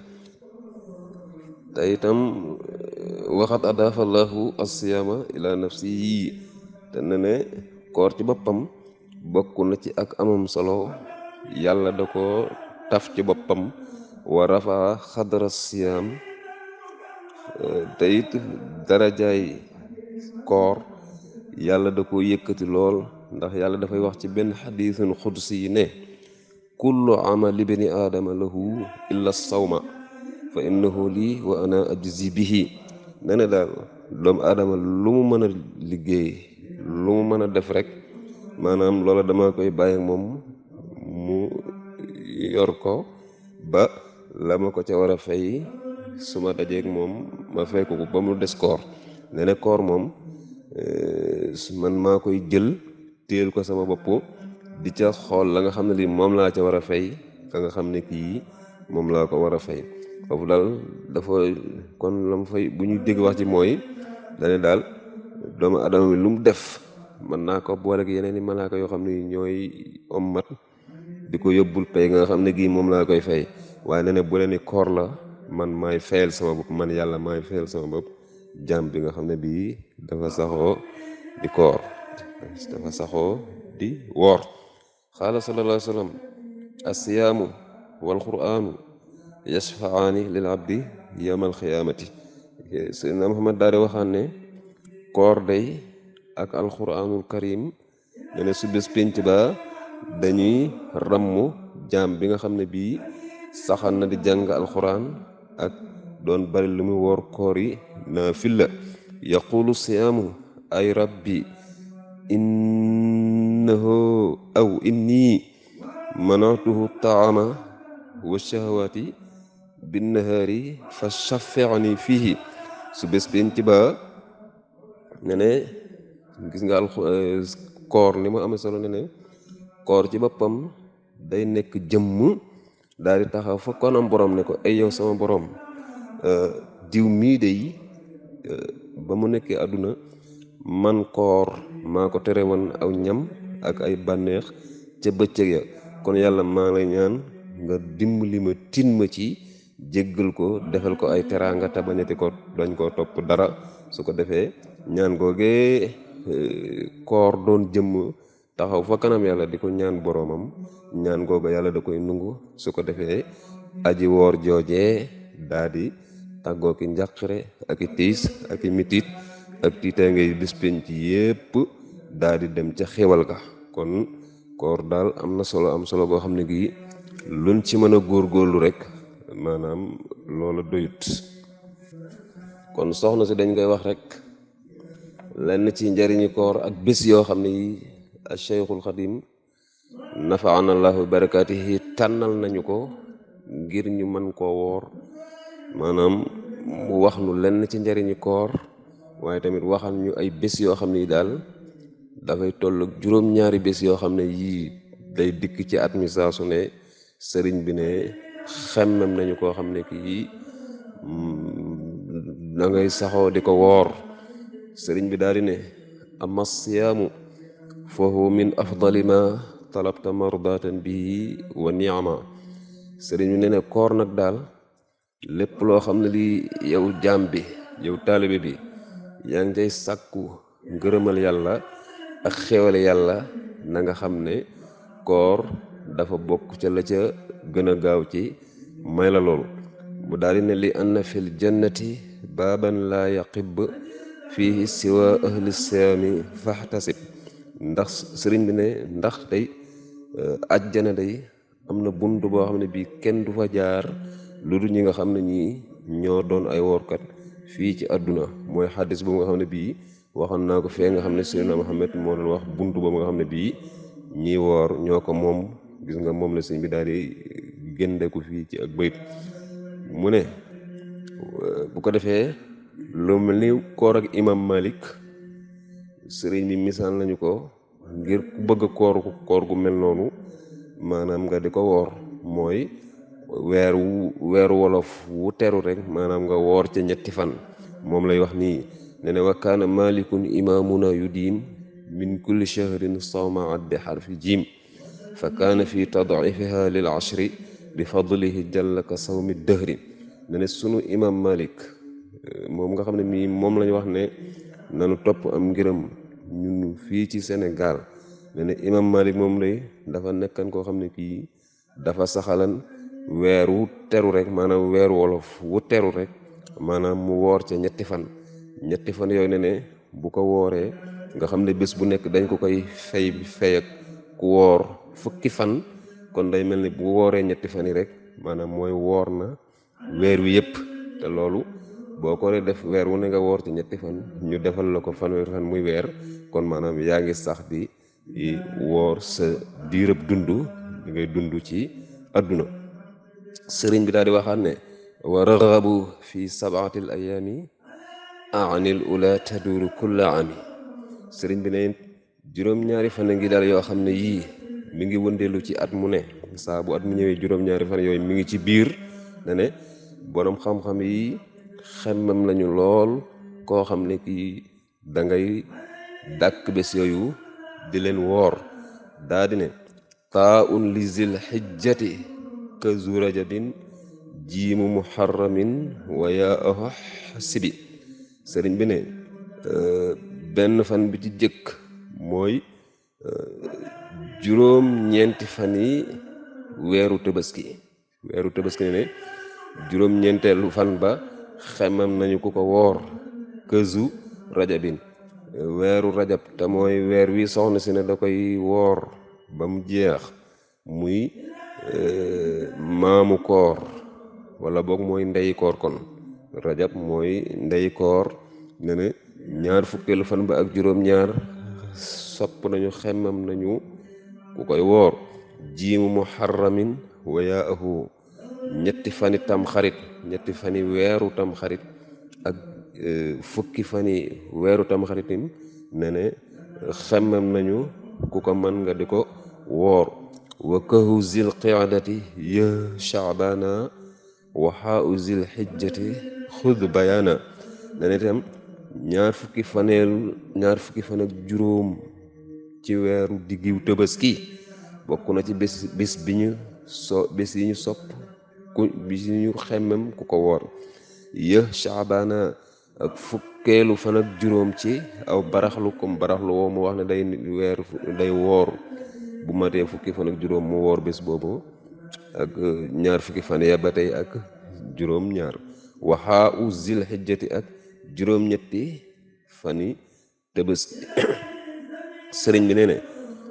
te itam eh, waxat adafallahu asiyaama ila nafsi yii te ne ne koor ci boppam bokk na ci ak amam solo yàlla da ko taf ci boppam wa rafa xadra siyaam eh, te it darajaay koor yàlla da ko yëkkati lool ndax yàlla dafay wax ci benn xadiisun xudsi yi ne kullu amali bani aadama lahu illa sawma fa innahu lii wa ana ajzi bihi ne daal doomu aadama lu mu mën a liggéey lu mu mën a def rek maanaam loola dama koy bàyyi moom mu yor ko ba la ma ko ca war a fay suma ma moom ma fekk ba mu des koor ne ne koor moom eh, man maa koy jël téel ko sama bopp di ca xool la nga xam ne lii moom laa ca war a fay ka nga xam ne kii moom laa ko war a fay foofu daal dafa kon la mu fay bu ñu dégg wax ci mooy dane daal doomu adama bi lu mu def mën naa ko boole yeneen i malaaka yoo xam ne ñooy ommat di ko yóbbul pay nga xam ne gii moom laa koy fay waaye ne bu leen koor la man maay fayal sama bopp man yàlla maay fayal sama bopp jaam bi nga xam ne bii dafa saxoo di koor dafa saxoo di woor xaala sallallahu alayhi wa wal quraanu yashfaani lil abdi yawmal xiyaamati seydna muhammad daal di waxaan koor day ak alquranul karim ne ne su ba dañuy ramm jaam bi nga xam ne bii saxan na di jàng alquran ak doon bari lu mu woor koor yi naafila yaqulu siyaamu ay rabbi innahu aw innii manatuhu taama wa shahawaati binnahaari fa shaffi'ni fiihi su bés bi ci ba ne ne eh, koor ni mu amee solo ne koor ci boppam day nekk jëmm daal di taxaw fa konam ne ko ay yow sama boroom Euh, diw mii de euh, ba mu nekkee àdduna man koor maa ko tere woon aw ñam ak ay banneex ca bëccëg ya kon yàlla maa lay ñaan nga dimbali ma tin ma ci jéggal ko defal ko ay teraanga tabañati ko dañ koo topp dara su ko defee ñaan googee euh, koor doon jëmm taxaw fa kanam yàlla di ko ñaan boroomam ñaan googa yàlla da koy nungu su ko defee aji woor joojee daa tàggoo ki njàqare ak i tiis ak i mitit ak tiitaange yi yépp daal dem ca xewal ga kon koor daal am na solo am solo boo xam ne gii luñ ci mën a góor góorlu rek maanaam loola doyut kon soxna si dañ koy wax rek lenn ci njariñu koor ak bés yoo xam ne yi Cheikhul Xadim nafaanallahu barakaatihi tànnal nañu ko ngir ñu mën koo woor maanaam mu wax nu lenn ci njariñu koor waaye tamit waxam ñu ay bés yoo xam ne daal dafay toll ak juróom-ñaari bés yoo xam ne yii day dikk ci at su ne sëriñ bi ne xemmem nañu koo xam ne kii mm, da ngay saxoo di ko woor sëriñ bi daal di ne amma siyaamu fa huwa min afdali ma talabta mardatan bihi wa niama sëriñ bi ne ne koor nag daal lépp loo xam ne lii yow jaam bi yow taalibe bi yaa ngi sàkku ngërëmal yàlla ak xéewale yàlla na nga xam ne koor dafa bokk ca la ca gën a gaaw ci may la loolu mu daal di ne li anna fil jannati baaban laa yaqib fiihi siwa ahli siyaami fahtasib ndax sëriñ bi ne ndax tey ajjana eh, day am na bunt boo xam ne bii kenn du fa jaar lu dul ñi nga xam ne ñii ñoo doon ay woorkat fii ci àdduna mooy xaddis boobu nga xam ne bii waxoon naa ko fee nga xam ne Seydina Muhammad moo doon wax bunt boobu nga ne bii ñii woor ko moom gis nga moom la sëñ bi daal di fii ci ak bayit mu ne bu ko defee lu mel ni koor ak imam Malik sëriñ bi misaal nañu ko ngir ku bëgg koor gu mel noonu maanaam nga di ko woor mooy weer weeru wolof wu teru rek maanaam nga woor ca ñetti fan moom lay wax nii ne ne wa kaana malikun imamuna yu diin min kulli shahrin sawma addi xarfi jiim fa kaana fi tadaifiha lil ashri bi fadlihi jalla ka sawmi dëhri ne ne sunu imam malik moom nga xam ne mi moom lañu wax ne nanu topp am ngërëm ñun fii ci senegal ne ne malik moom lay dafa nekkan koo xam ne kii dafa saxalan weer wu teru rek maanaam weeru wolof wu teru rek maanaam mu woor ca ñetti fan ñetti fan yooyu ne ne bu ko wooree nga xam ne bés bu nekk dañ ko koy fay fay ak ku woor fukki fan kon day mel ni bu wooree ñetti fan yi rek maanaam mooy woor na weer wi yëpp te loolu boo ko def weer wu ne nga woor ci ñetti fan ñu defal la ko fanweeri fan muy weer kon maanaam yaa ngi sax di woor sa diirëb dund di ngay dund ci àdduna sëriñ bi daal di waxaat ne wa raghabu fi sabaati ayaami anil ula taduru kulla ami sëriñ bi ne juróom-ñaari fan ngi daal yoo xam ne yii mi ngi wëndeelu ci at mu ne saa at mu ñëwee juróom-ñaari fan yooyu mi ngi ci biir ne ne borom xam-xam yi xemmam nañu lool koo xam ne kii dangay ngay dàkk yooyu di leen woor daa di ne taa un li zil ka zu rajabin jiimu muharramin waya aho sibi sëriñ bi ne euh, benn fan bi ci jëkk mooy euh, juróom ñeenti fan yi weeru tabaski weeru tabaski ne juróom ñeenteelu fan ba xemam nañu ku ko woor këzu rajabin weeru rajab te mooy weer wi soxna si ne da koy woor ba mu jeex muy Euh, maamu koor wala boog mooy ndey koor kon rajab mooy ndey koor ne na ñaar fukkeelu fan ba ak juróom-ñaar sopp nañu xemmam nañu ku koy woor jiimu muharramin wayaahu ñetti fani tam xarit ñetti fani weeru tam xarit ak euh, fukki fani weeru tam xaritin ne xemmam nañu ku ko mën nga di ko woor wa kahu zil qiadati ya chaabana wa xijjati xud bayaana dana ñaar fukki faneelu ñaar fukki fan ak juróom ci weeru diggiw tëbaski bokk na ci bés bés so bés sopp ku bés yi xemmem ku ko woor ya chaabana ak fukkeelu fan ak juróom ci aw baraxlu comme baraxlu woo mu wax ne day weeru day wooru bu matee fukki fan ak juróom mu woor bés boobu ak ñaar fukki fan ya ba tey ak juróom-ñaar waxaa u zil ak juróom-ñetti fani tabaski sëriñ bi nee ne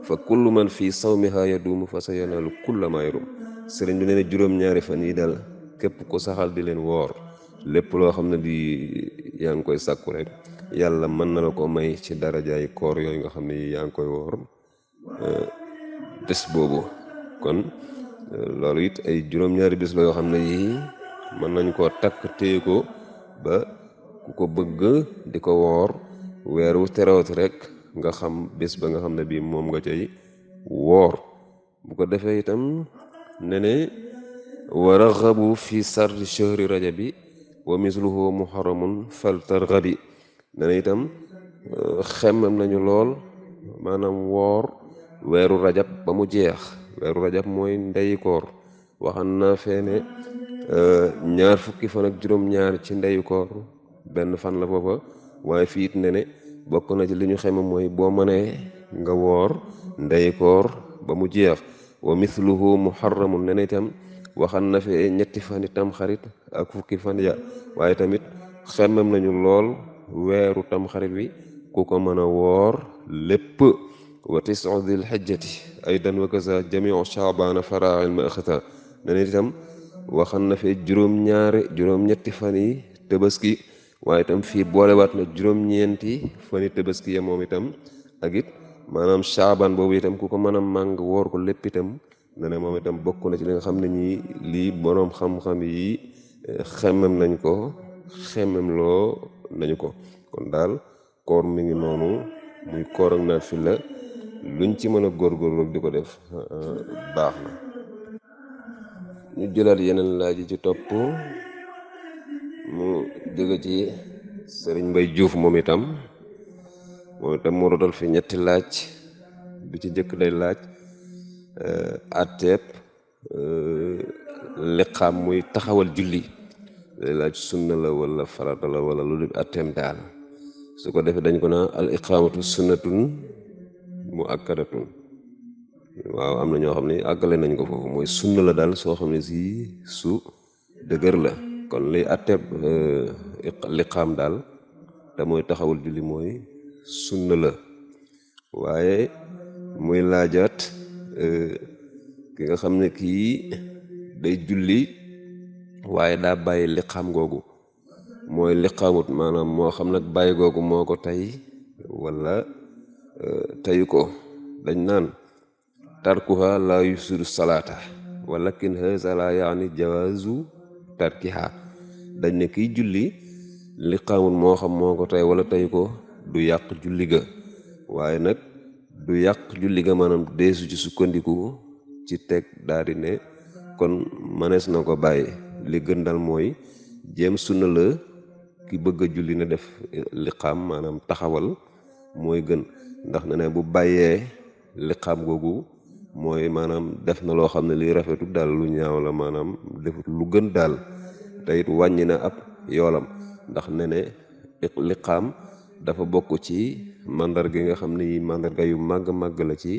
fa kullu man fii sawmiha yaduumu fa sa yanaalu kulla maa yarum sëriñ bi nee ne juróom-ñaari fan yi daal képp ko saxal di leen woor lépp loo xam ne di yaa ngi koy sàkku rek yàlla mën na la ko may ci darajaay koor yooyu nga xam ne yaa ngi koy woor bés boobu kon loolu it ay juróom-ñaari bés la yoo xam ne yii mën nañ koo takk téye ko ba ku ko bëgg di ko woor weer wu terawat rek nga xam bés ba nga xam ne bii moom nga cay woor bu ko defee itam ne ne wa raxabu fi sarri chahri rajabi wa misluhu muharramun fal tarxabi ne itam xemmam nañu lool maanaam woor weeru rajab ba mu jeex weeru rajab mooy ndeyi koor waxan naa fee ne euh, ñaar fukki fan ak juróom-ñaar ci ndeyu benn fan la booba waaye fiit it ne ne bokk na ci li ñu xeme mooy boo mënee nga woor ndeyi ba mu jeex wa mithluhu muharramun ne ne itam waxan na fee ñetti fan itam xarit ak fukki fan ya waaye tamit xemmem nañu lool weeru tam xarit wi ku ko mën a woor lépp wa tisu dil xijjati aydan wa kasa jamiu chaabaana faraaxil ma axata ne ne itam waxan na fi juróom-ñaari juróom-ñetti fan yi tabaski waaye itam fii boolewaat na juróom-ñeenti fan yi tabaski ya moom itam ak it maanaam chaabaan boobu itam ku ko mën a màng woor ko lépp itam ne ne moom itam bokk na ci li nga xam ne ñii lii boroom xam-xam yi eh, xemmem nañ ko xemmem loo nañu ko kon daal koor mi noonu muy koor ak naafila luñ ci mën a góorgóorlu di ko def euh, baax na ñu jëlaat yeneen laaj yi ci topp mu jóge ci sëriñ bay Juuf moom itam moo itam mu rotal fi ñetti laaj bi ci njëkk day laaj euh, atteeb euh, liqaam muy taxawal julli day laaj sunna la wala farata la wala lu di atteem daal su ko defee dañ ko naa al iqaamatu sunnatun mu akkadatun waaw am na ñoo xam ne àggale nañ ko foofu mooy sunna la daal soo xam ne si su dëgër la kon liy atteb euh, liqaam daal te mooy taxawul julli mooy sunna la waaye muy laajaat euh, ki nga xam ne kii day julli waaye daa bàyyi liqaam googu mooy liqaamut maanaam moo xam nag bàyyi googu moo ko tey wala tayu ko dañ naan tarkuha la yufsidu salaata walakin haza la yaani jawaazu tarkiha dañ ne kiy julli li xamul moo xam moo ko tey wala tayu ko du yàq julli ga waaye nag du yàq julli ga maanaam deesu ci sukkandiku ci teg daal ne kon mënees na ko bàyyi li gën dal mooy jéem sunna la ki bëgg julli ne def liqaam maanaam taxawal mooy gën ndax ne ne bu bàyyee liqaam googu mooy maanaam def na loo xam ne li rafetu daal lu ñaaw la maanaam defut lu gën daal te wàññi na ab yoolam ndax ne ne liqaam dafa bokk ci màndarga yi nga xam ne yi màndarga yu màgg màgg la ci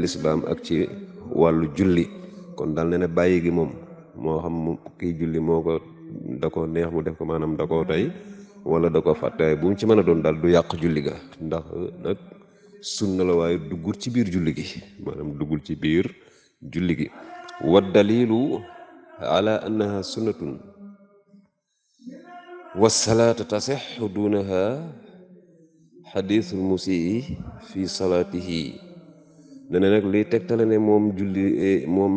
lislaam ak ci wàllu julli kon daal ne ne bàyyi gi moom moo xam kiy julli moo ko da ko neex mu def ko maanaam da koo tey wala da ko fàtte bu mu ci mën a doon daal du yàq julli ga ndax sunna la waaye duggul ci biir julli gi maanaam duggul ci biir julli gi wa dalilu ala annaha sunnatun wasalaata tasixu fi salaatihi ne ne tegtale ne moom julli e, moom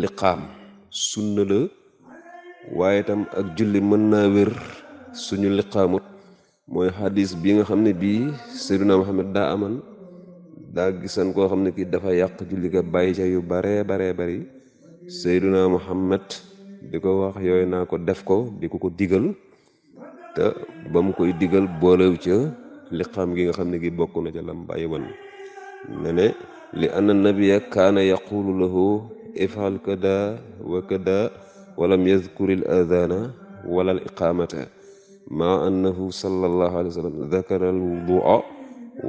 liqaam sunna la waaye tam ak julli mën naa wér suñu liqaamut mooy xadis bi nga xam ne bii Seydina Muhammad daa aman daa gisan koo xam ne kii dafa yàq julli ga bàyyi ca yu baree baree bari Seydina Muhammad di ko wax yooy naa ko def ko di ko ko digal te ba mu koy digal boolew ca liqaam gi nga xam ne gi bokk na ca lam bàyyi woon ne ne li anna nabiya kaana yaqulu lahu ifal kada wa kada walam yazkuril adana wala al iqaamata ma annahu sallallahu alayhi wa sallam dakara alwudua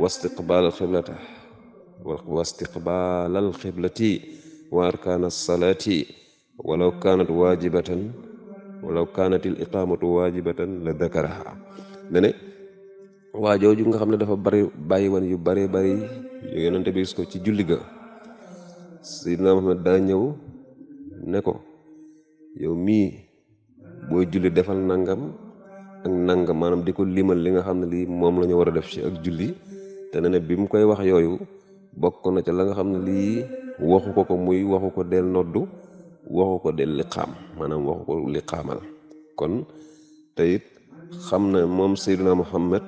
wa istiqbaal alxiblata wa istiqbaal wa arkaan alsalaati walaw kaanat waajibatan walaw kaanat il iqaamatu waajibatan la dakaraha mene nga xam ne dafa bari bàyyi yu bari yu yonente bi gis ci julli ga Seydina Muhammad daa ñëw ne yow mii booy julli defal nangam ak nangam maanaam di ko limal li nga xam ne lii moom la ñu war a def ci ak julli te ne bi mu koy wax yooyu bokk na ca la nga xam ne lii waxu ko ko muy waxu ko del noddu waxu ko del liqaam maanaam waxu ko liqaamal kon te it xam na moom Seydina Muhammad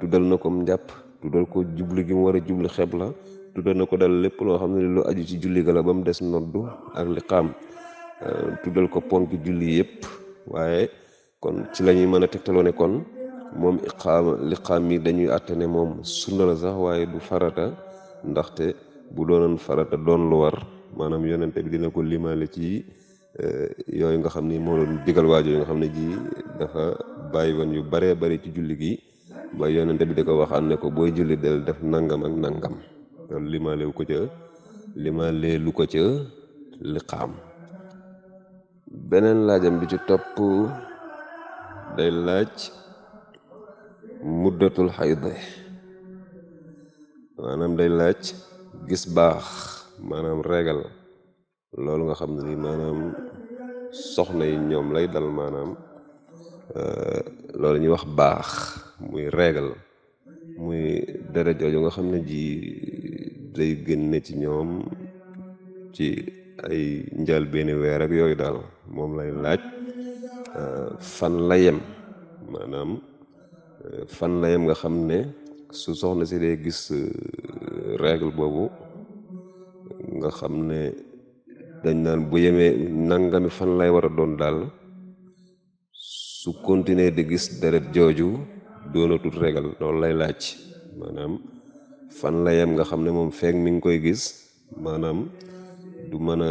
tuddal na ko njàpp tuddal ko jubli gi mu war a jubli xeb la tuddal na ko dal lépp loo xam ne lu aju ci julli ga la ba mu des noddu ak liqaam tuddal ko ponk julli yépp waaye kon ci la ñuy mën a tegtaloo ne kon moom iqaam liqaam yi dañuy àtte ne moom sunna la sax waaye du farata ndaxte bu doonoon farata doon lu war maanaam yonente bi dina ko limaale ci eh, yooyu nga xam ni moo doon digal waajo xam ne ji bàyyi woon yu baree bari ci julli gi ba yonente bi di ko waxaan ne ko booy julli del def nangam ak nangam loolu limaale wu ko ca limaale lu ko ca liqaam beneen laajam bi ci topp day laaj muddatul xaydi maanaam day laaj gis baax maanaam reegal loolu nga xam ne ni maanaam soxna yi ñoom lay dal maanaam euh, loolu ñuy wax baax muy reegal muy dara jooju nga xam ne ji day génne ci ñoom ci ay njaal benn weer ak yooyu daal moom lay laaj Euh, fan la yem maanaam euh, fan la nga xam ne su soxna si dee gis euh, régle boobu nga xam ne dañ naan bu yemee nangami fan lay war a doon daal su continuer di gis deret jooju doonatul règle loolu lay laaj maanaam fan la nga xam ne moom feek mi ngi koy gis maanaam du mën a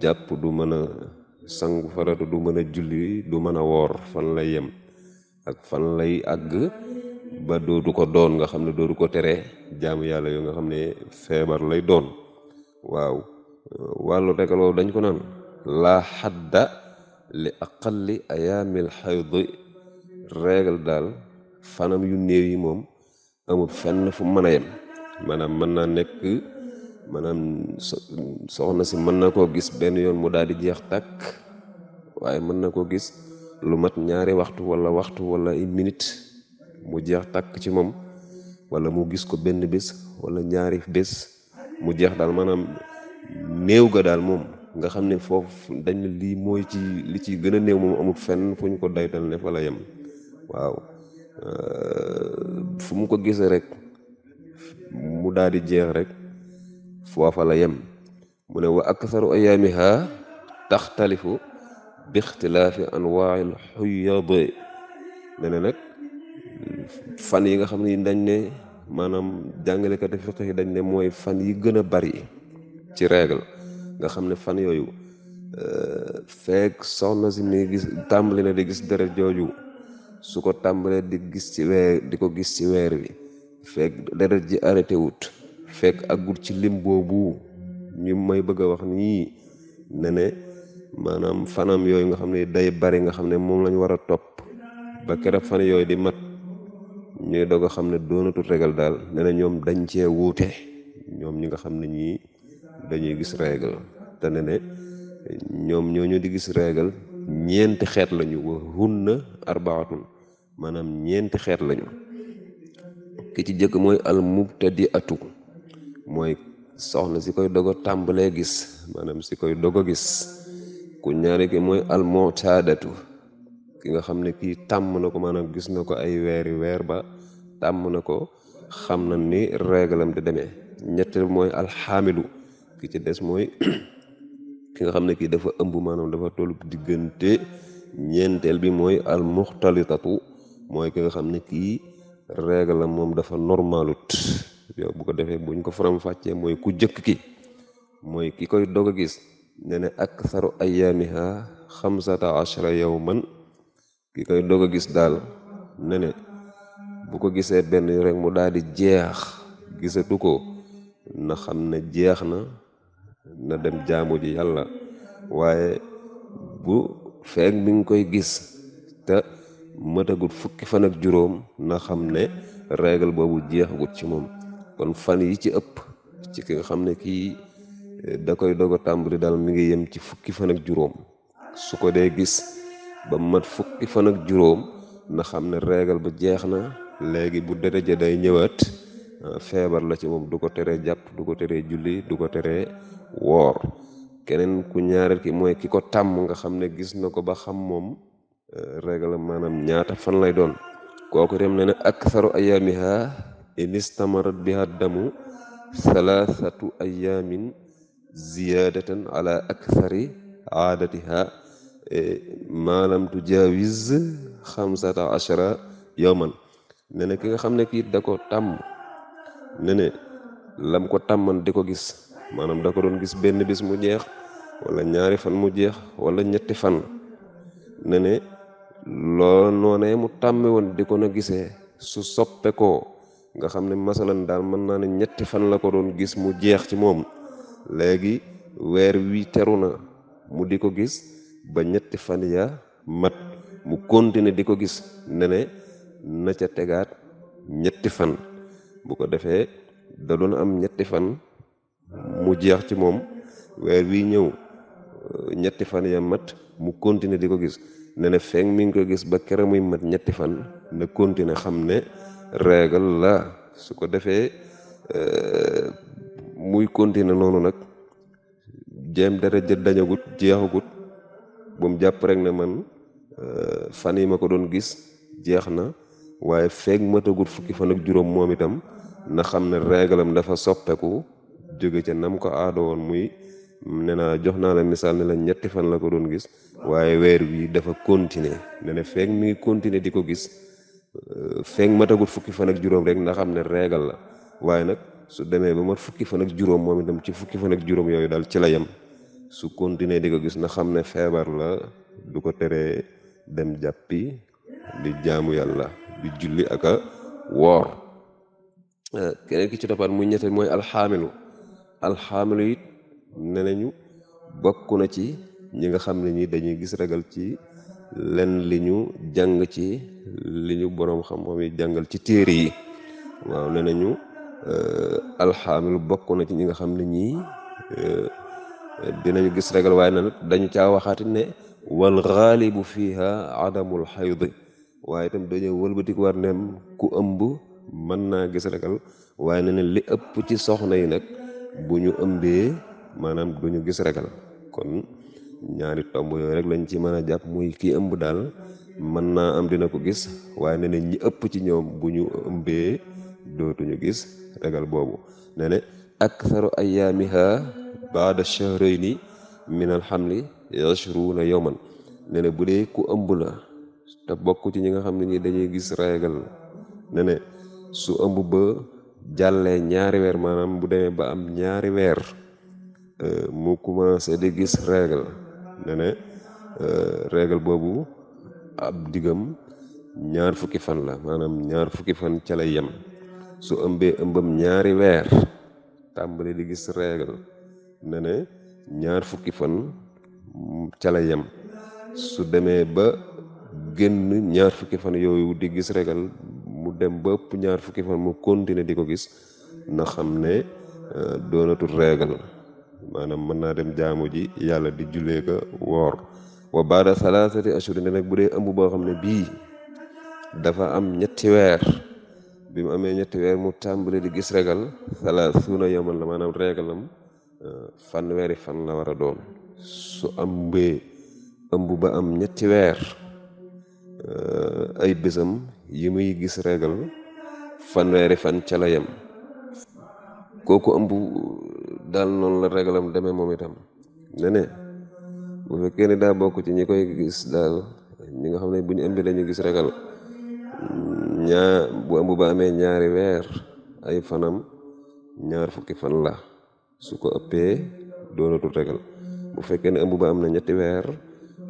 jàpp du mën a sangu farata du mën a julli du mën a woor fan lay yem ak fan lay àgg ba dootu ko doon nga xam ne dootu ko tere jaamu yàlla yoo nga xam ne feebar lay doon waaw wàllu regal woowu dañ ko naan laa xadda li aqalli ayaamil xaydi regal daal fanam yu néew yi moom amul fenn fu mën a yem maanaam mën naa nekk maanaam soxna si mën na koo gis benn yoon mu daal di jeex takk waaye mën na koo gis lu mat ñaari waxtu wala waxtu wala une minute mu jeex takk ci moom walla mu gis ko benn bis walla ñaari bés mu jeex daal maanaam néew ga daal moom nga xam ne foofu dañ ne lii mooy ci li ci gën a néew moom amul fen fu ñu ko daytal ne fa la yem waaw euh, fu mu ko gisee rek mu daal di jeex rek foofa la yem mu ne wa aksaru ayaamiha taxtalifu bi ixtilaafi anwail xuyad ne ne nag fan yi nga xam ne dañ ne maanaam jàngalekati fiq yi dañ ne mooy fan yi gën a bari ci règle nga xam ne fan yooyu euh, feek soxna si mi gis tàmbali na di gis deret jooju su ko tàmbalee di gis ci weer di ko gis ci weer bi feek deret ji arrêté wut fekk ak aggut ci lim boobu ñi may bëgg a wax nii ne ne maanaam fanam yooyu nga xam ne day bari nga xam ne moom lañu war a topp ba keroog fan yooyu di mat ñuy doog xam ne doonatul regal daal ne ñoom dañ cee wuute ñoom ñi nga xam ne ñii dañuy gis régal te ne ne ñoom ñooñu di gis régal ñeenti xeet lañu wa hunna arbaatun maanaam ñeenti xeet lañu ki ci jëkk mooy te di atu mooy soxna si koy dogo tàmbalee gis manam si koy dogo gis ku ñaari ki mooy almutaadatu ki nga xam ne kii tàmm na ko maanaam gis na ko ay weeri weer ba tàmm na ko xam na ni réglam de deme ñetteel mooy alxaamilu ki ci des mooy ki nga xam ne kii dafa ëmb maanaam dafa tollu diggante ñeenteel bi mooy almuxtalitatu mooy ki nga xam ne kii réglam moom dafa normalut yow bu ko defee buñ ko faram-fàccee mooy ku jëkk ki mooy ki koy dog a gis ne ne saru ayaamiha xamsata ashara yawman ki koy dog a gis daal ne ne bu ko gisee benn rek mu daal di jeex gisatu ko na xam ne jeex na na dem jaamu ji yàlla waaye bu feeg mi ngi koy gis te mëtagut fukki fan ak juróom na xam ne regal boobu jeexagut ci moom kon fan yi ci ëpp ci ki nga xam ne kii eh, da koy doog a tàmbali daal mi ngi yem ci fukki fan ak juróom su ko dee gis ba mat fukki fan ak juróom na xam ne régal ba jeex na léegi bu dereja day ñëwaat eh, feebar la ci moom du ko teree jàpp du ko teree julli du ko teree woor keneen ku ñaareel ki mooy ki ko tàmm nga xam ne gis na ko ba xam moom eh, régal maanaam ñaata fan lay doon kooku dem na ne aksaru ayaamiha in istamarat biha damu salaasatu ayaamin ziyaadatan ala akthari aadatiha maalam tujaawiz xamsata ashara yowman ne ne ki nga xam ne kii da ko tàmm lam ko tàmman di ko gis maanaam da ko doon gis benn bis mu jeex wala ñaari fan mu jeex wala ñetti fan ne ne loo mu tàmme woon di ko na gisee su soppe koo nga xam ne masalan daal mën naa ne ñetti fan la ko doon gis mu jeex ci moom léegi weer wi teru na mu di ko gis ba ñetti fan ya mat mu continuer di ko gis nene ne na tegaat ñetti fan bu ko defee da doon am ñetti fan mu jeex ci moom weer wi ñëw euh, ñetti fan ya mat mu continuer di ko gis ne ne feeg mi ngi ko gis ba kera muy mat ñetti fan na continuer xam ne règle la su ko defee euh, muy continuer noonu nag jéem dara jë dañagut jeexagut ba jàpp rek ne man euh, fan yi ma ko doon gis jeex na waaye feeg matagut fukki fan ak juróom moom itam na xam ne réglam dafa soppeku jóge ca nam ko aada woon muy ne naa jox naa la misaal ne la ñetti fan la ko doon gis waaye weer wi dafa continuer ne feeg mi ngi continuer di ko gis feeg matagut fukki fan ak juróom rekk na xam ne reegal la waaye nag su demee ba mat fukki fan ak juróom moom itam ci fukki fan ak juróom yooyu daal ci la yem su continuer di ko gis na xam ne feebar la du ko teree dem jàppi di jaamu yàlla di julli ak a woor keneen ki ci toppaat muy ñette mooy alxaamilu alxaamilu it ne nañu bokk na ci ñi nga xam ne ñi dañuy gis regal ci lenn li ñu jàng ci li ñu boroom xam-xam yi jàngal ci téere yi waaw nee ñu euh, alxaamil bokk na ci ñi nga xam ne ñii euh, dinañu gis regal waaye nag dañu caa waxaati ne wal xaalibu fiiha adamul xayd waaye tam dañoo wëlbatiku war neem ku ëmb mën naa gis regal waaye ne li ëpp ci soxna yi nag bu ñu ëmbee maanaam duñu gis regal kon ñaari tomb yooyu rek lañ ci mën a jàpp muy kii ëmb daal mën naa am dina ko gis waaye nee na ñi ëpp ci ñoom bu ñu ëmbee dootuñu gis ragal boobu nee na aktharu ayaamiha baada shahrayni min xam yashruuna yowman nee na bu dee ku ëmb la te bokk ci ñi nga xam ne ñi dañuy gis ragal ne ne su ëmb ba jàllee ñaari weer maanaam bu demee ba am ñaari weer euh, mu commencé di gis règle ne ne euh, boobu ab diggam ñaar fukki fan la maanaam ñaar fukki fan ca lay yem su ëmbee ëmbam ñaari weer tàmbali di gis régal ne ne ñaar fukki fan ca lay yem su demee ba génn ñaar fukki fan yooyu di gis régal mu dem ba ëpp ñaar fukki fan mu continuer di ko gis na xam ne euh, doonatul régal maanaam mën naa dem jaamu ji yàlla di jullee ko woor wa baada salaasati ashurin nag bu dee ëmb boo xam ne bii dafa am ñetti weer bi mu amee ñetti weer mu tàmbale di gis regal salaasuuna yawman la maanaam regalam euh, fanweeri fan la war a doon su ambee ëmb am ñetti weer euh, ay bisam yi muy gis regal fanweeri fan ca la kooku ëmb daal noonu la régalam demee moom itam ne bu fekkee ni daa bokk ci ñi koy gis daal ñi nga xam ne bu ñu ëmbi dañu gis regal ñaa bu ëmb ba amee ñaari weer ay fanam ñaar fukki fan la su ko ëppee doonatul régal bu fekkee ne ëmb na ñetti weer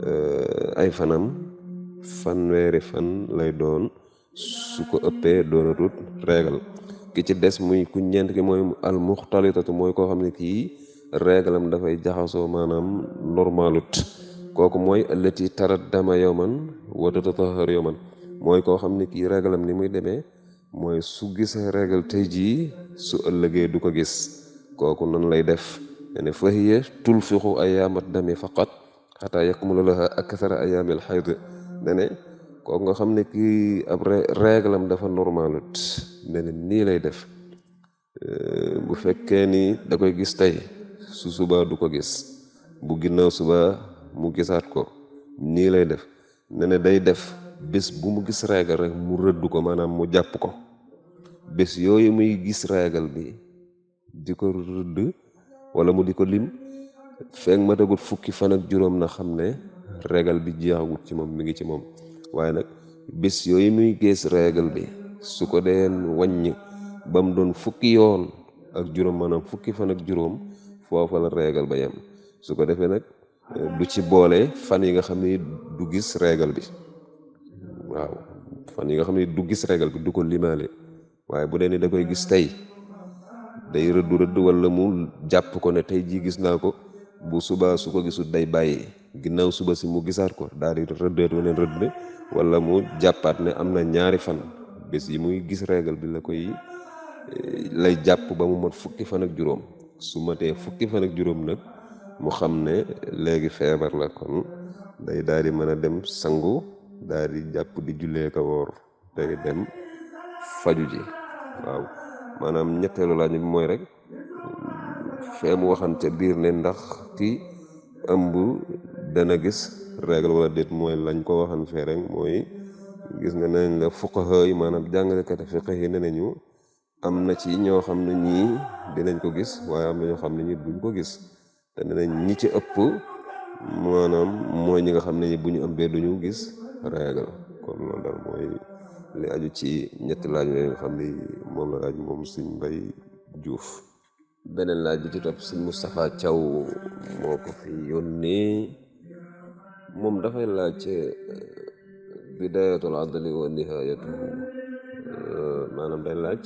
eh, ay fanam fanweeri fan lay doon su ko ëppee doonatut régal ki ci des muy ku ñeent ki mooy al muxtalitatu mooy koo xam ne kii réglam dafay jaxasoo maanaam normalut kooku mooy allati taraddama yawman wa tatatahhar yawman mooy koo xam ne kii réglam ni muy demee mooy su gisee régal tey jii su ëllëgee du ko gis kooku nan lay def ne fa hiya tulfiqu ayaamat dami faqat xataa yakmula laha akthara ayaamil xayd ne kook nga xam ne kii ab règle am dafa normalut ne ne nii lay def euh, bu fekkee ni da koy gis tey su suba du ko gis bu ginnaaw subaa mu gisaat ko nii lay def ne day def bés bu mu gis règle rek mu rëdd ko maanaam mu jàpp ko bés yooyu muy gis règle bi di ko rëdd wala mu di ko lim feeg matagut fukki fan ak juróom na xam ne règle bi jeexagut ci moom mi ngi ci moom waaye nag bis yooyu muy gis règle bi su ko deen wàññi ba mu doon fukki yoon ak juróom maanaam fukki fan ak juróom foofa la ba yem su ko defee nag eh, du ci boole fan yi nga xam ni du gis règle bi waaw fan yi xam ne du gis règle bi du ko limaale waaye bu dee ni da koy gis tey day rëddu rëdd wala mu jàpp ko ne tey jii gis naa ko bu suba su ko gisul day bàyyi ginnaaw suba si mu gisaat ko daa di rëddeet weneen rëdd wala mu jàppaat ne am na ñaari fan bés yi muy gis règle bi la koy eh, lay jàpp ba mu mat fukki fan ak juróom su matee fukki fan ak juróom nag mu xam ne léegi feebar la kon day daal di mën a dem sangu daal di jàpp di jullee ko woor day dem faju ji waaw maanaam ñetteelu laaj bi mooy rek fee mu waxan ca biir ne ndax ki ëmb dana gis règle wala déet mooy lañ ko waxan fee rek mooy gis nga nañ la fuqaha yi maanaam jàngalekat yi fiqh yi ne nañu am na ci ñoo xam ne ñii dinañ ko gis waaye am na ñoo xam ne ñii duñ ko gis te ne ñi ci ëpp maanaam mooy ñi nga xam ne ñi buñu am ëmbee duñu gis règle kon loolu daal mooy li aju ci ñetti laaj yooyu nga xam ne moom la laaj moom suñ mbay juuf beneen laaj bi ci topp suñ Moustapha Thiaw moo ko fi yónnee moom dafay laajte euh, bidayatul adli wa nihayatuhu euh, maanaam day laaj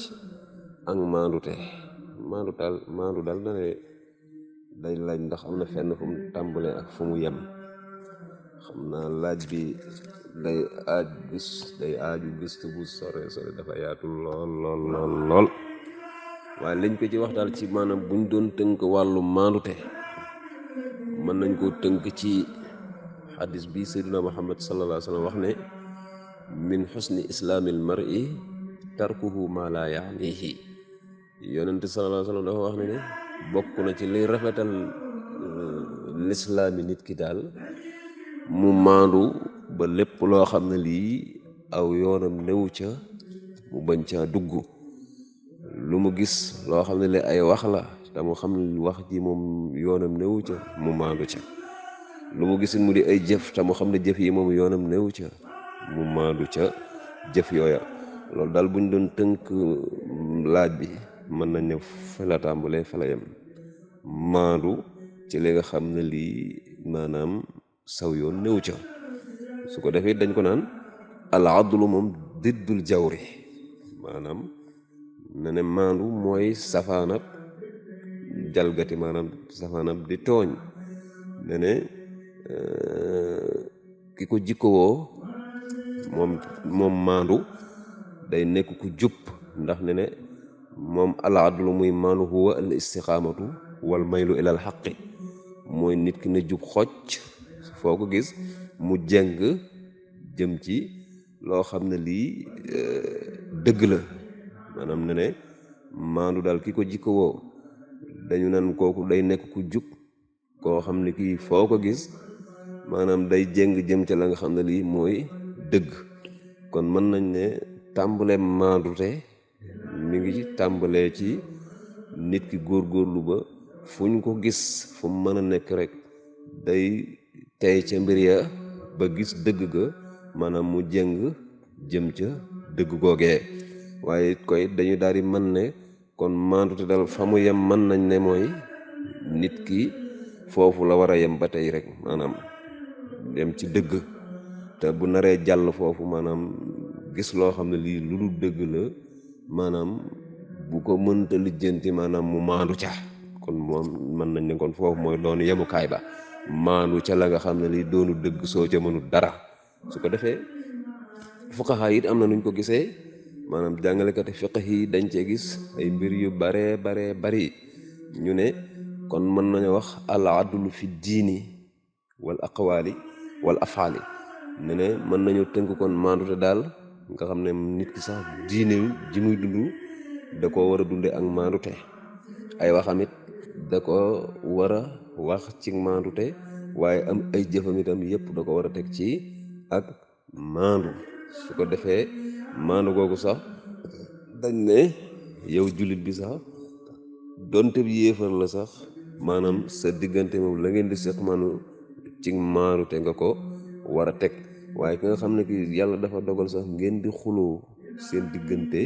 ak maandute maandu daal maandu daal dane day laaj ndax xam na fenn fu mu tàmbalee ak fu mu xam naa laaj bi day aaj gis day aaju gist bu sore sore dafa yaatu lool lool lool waaye liñ ko ci wax daal ci maanaam buñ doon tënk wàllu maandute mën nañ koo tënk ci xadis bi sayduna muhammad sallallahu alayhi wa sallam wax ne min xusni islaamil mar'i tarkuhu ma la yaanihi yonente sallallahu alayhi wa dafa wax ne ne bokk na ci liy rafetal euh, lislaami nit ki daal mu maandu ba lépp loo xam ne lii aw yoonam néew ca mu bañ caa dugg lu mu gis loo xam ne li ay wax la te mu xam wax ji moom yoonam néew ca mu maandu ca lu mu gisin mu di ay jëf te mu xam ne jëf yi moom yoonam néew ca mu maandu ca jëf yooya loolu daal buñ doon tënk laaj bi mën nañ ne fa la tàmbalee fa la yem maandu ci li nga xam ne lii maanaam saw yoon néew ca su ko defee dañ ko naan al adlu moom diddul jawri maanaam ne ne maandu mooy safaanab jalgati maanaam safaanab di tooñ ne ne Euh, ki ko jikkowoo moom moom maandu day nekk ku jub ndax ne moom al adlu muy maandu huwa al istiqaamatu wal maylu ilal xaqi mooy nit ki na jub xocc foo ko gis mu jeng jëm ci loo xam ne lii euh, dëgg la maanaam ne ne maandu daal ki ko jikkowoo dañu naan kooku day nekk ku jub koo xam ne kii foo ko gis maanaam day jëng jëm ca la nga xam ne lii mooy dëgg kon mën nañ ne tàmbale maandute mu ngi tàmbalee ci nit ki góorgóorlu ba fu ñu ko gis fu mën a nekk rek day tey ca mbir ya ba gis dëgg ga maanaam mu jëng jëm ca dëgg googee waaye it koy dañu daal di mën ne kon maandute dal fa mu yem mën nañ ne mooy nit ki foofu la war a yem ba tey rek maanaam dem ci dëgg te bu naree jàll foofu maanaam gis loo xam ne lii lu dul dëgg la maanaam bu ko mënta lijjanti maanaam mu maandu ca kon moom mën nañ ne kon foofu mooy doonu yemukaay ba maandu ca la nga xam ne lii doonu dëgg soo ca dara su ko defee fuqaha am na nuñ ko gisee maanaam jàngalekati fiqh yi dañ cee gis ay mbir yu baree baree bari ñu ne kon mën nañu wax al adlu fi diini wal aqwaali wala afaali ne ne mën nañoo tënk kon maandute daal nga xam ne nit ki sax diine ji muy dund da koo war a dunde ak maandute ay waxamit da ko war a wax ci waaye am ay jëfamitam yëpp da ko war a teg ci ak maandu su ko defee maandu googu sax dañ ne yow jullit bi sax donte bi yéefar la sax maanaam sa diggante moom la ngeen di seq maanu ci maaru nga ko war a teg waaye ki nga xam ne kii yàlla dafa dogal sax ngeen di xuloo seen diggante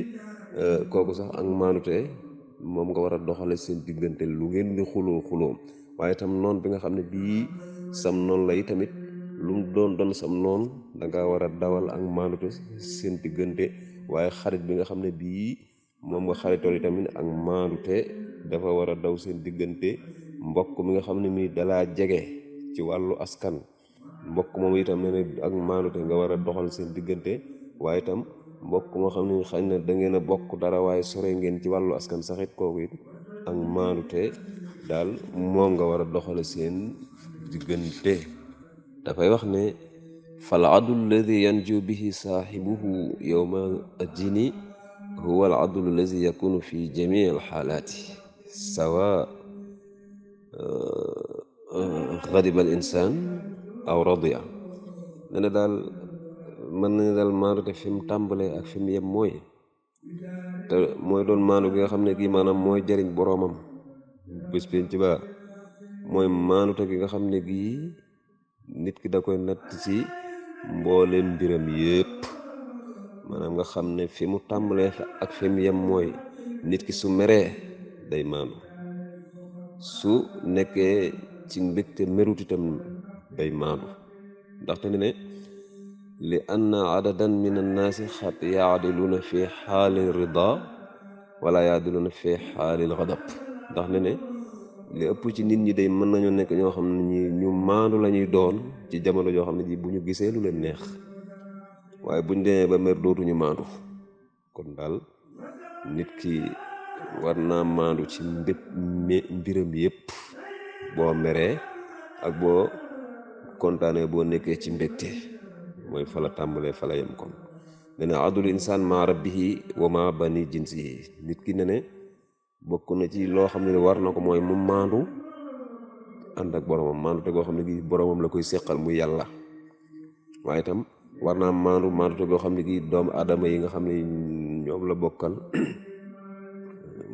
euh, kooku sax ak maanute moom nga war a doxale seen diggante lu ngeen di xuloo xuloo waaye noon bi nga xam ne bii sam noon lay tamit lu doon doon sam noon da nga war a dawal ak maanute seen diggante waaye xarit bi nga xam ne bii moom nga xaritool yi tamit ak maanute dafa war a daw seen diggante mbokk mi nga xam ne mii dalaa jege ci wàllu askan mbokk moom itam nee ak maanute nga war a doxal seen diggante waaye itam mbokk moo xam ne xañ na da a bokk dara waaye sore ngeen ci wàllu askan sax it kooku it ak maanute daal moom nga war a doxale seen diggante dafay wax ne fal adlu alladi yanju bihi saaxibuhu yowma addini huwa al adlu alladi yakunu fi jamii al xaalaati xadiba al aw radia nee na daal mën nañu daal maandu te fi mu tàmbalee ak fi yem mooy te mooy doon maandu gi nga xam ne kii maanaam mooy jëriñ boroomam bés biñ mooy maandu te gi nga xam ne gii nit ki da koy natt si mboole mbiram yépp maanaam nga xam ne fi mu tàmbalee ak fi yem mooy nit ki su meree day maandu su nekkee ci mbégte merut itam day maandu ndaxte ne ne li anna adadan min annaasi xat yaadiluuna fi xaali rida wala yaadiluuna fi xaalil xadab ndax ne ne li ëpp ci nit ñi day mën nañoo nekk ñoo xam ne ñi ñu maandu la doon ci jamono joo xam ne ji bu ñu gisee lu leen neex waaye buñ demee ba mer dootuñu maandu kon daal nit ki war naa maandu ci mbiram yépp boo meree ak boo kontaanee boo nekkee ci mbégte mooy fa la tàmbalee fa la yem kon ne ne adul insaan ma rabbihi wa ma bani jinsihi nit ki ne ne bokk ci loo xam ne war na ko mooy mu maandu ànd ak boromam maandu te goo xam ne gi boromam la koy séqal muy yàlla waaye itam war naa maandu maandu te goo xam ne gi doomu aadama yi nga xam ne ñoom la bokkal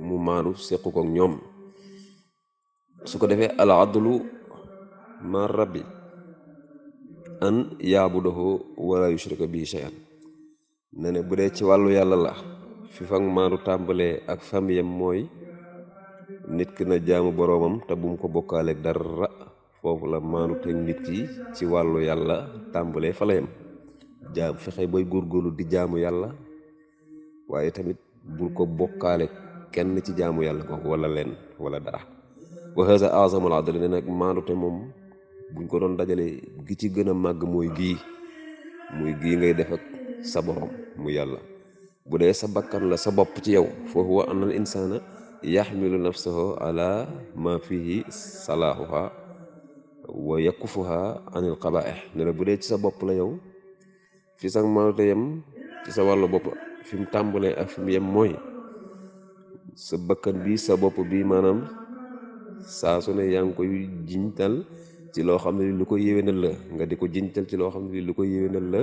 mu maandu séqu ko ñoom su ko defee al adlu ma rabbi an yaabudahu wala yushrika bi shay'an ne bu dee ci wàllu yàlla la fi fang maanu tàmbalee ak famiyam mooy nit ki na jaamu boroomam te bum ko bokkaaleeg dara foofu la maanu teg nit ki ci wàllu yàlla tàmbalee fa la yem jaam fexe booy góorgóorlu di jaamu yàlla waaye tamit bul ko bokkaale kenn ci jaamu yàlla kooku wala leen wala dara wa haza azamul adl ne nag maandute moom buñ ko doon dajale gi ci gën a màgg mooy gii muy gii ngay def ak sa borom mu yàlla bu dee sa bakkan la sa bopp ci yow fa huwa an al insana yaxmilu ma fihi salaahuha wa yakufuha anil qabaih ne bu dee ci sa bopp la yow sax maandute yem sa wàllu bopp fi mu tàmbalee ak mooy sa bakkan bi sa bopp bi maanaam saa su ne yaa ngi koy jiñtal ci loo xam ne lu ko yéwénal la nga di ko jiñtal ci loo xam ne lu ko yéwénal la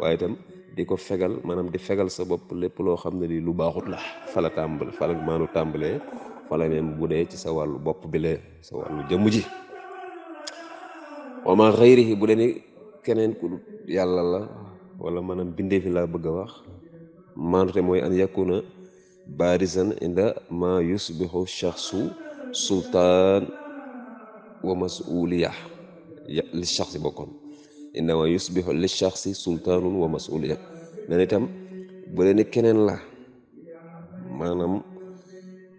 waaye tam di ko fegal maanaam di fegal sa bopp lépp loo xam ne lu baaxut la fala tàmbal fala maanu tàmbalee fala même bu dee ci sa wàllu bopp bi la sa ji wama xayrihi bu dee ni keneen ku yàlla la wala manam bindee fi laa bëgg a wax maanute mooy an yakuna barisan inda ma yusbihu shaxsu sultaan wa masuliya li shaxsi bokkoon innama yusbihu li shaxsi sultaanun wa masuliya nen bu dee ni keneen la maanaam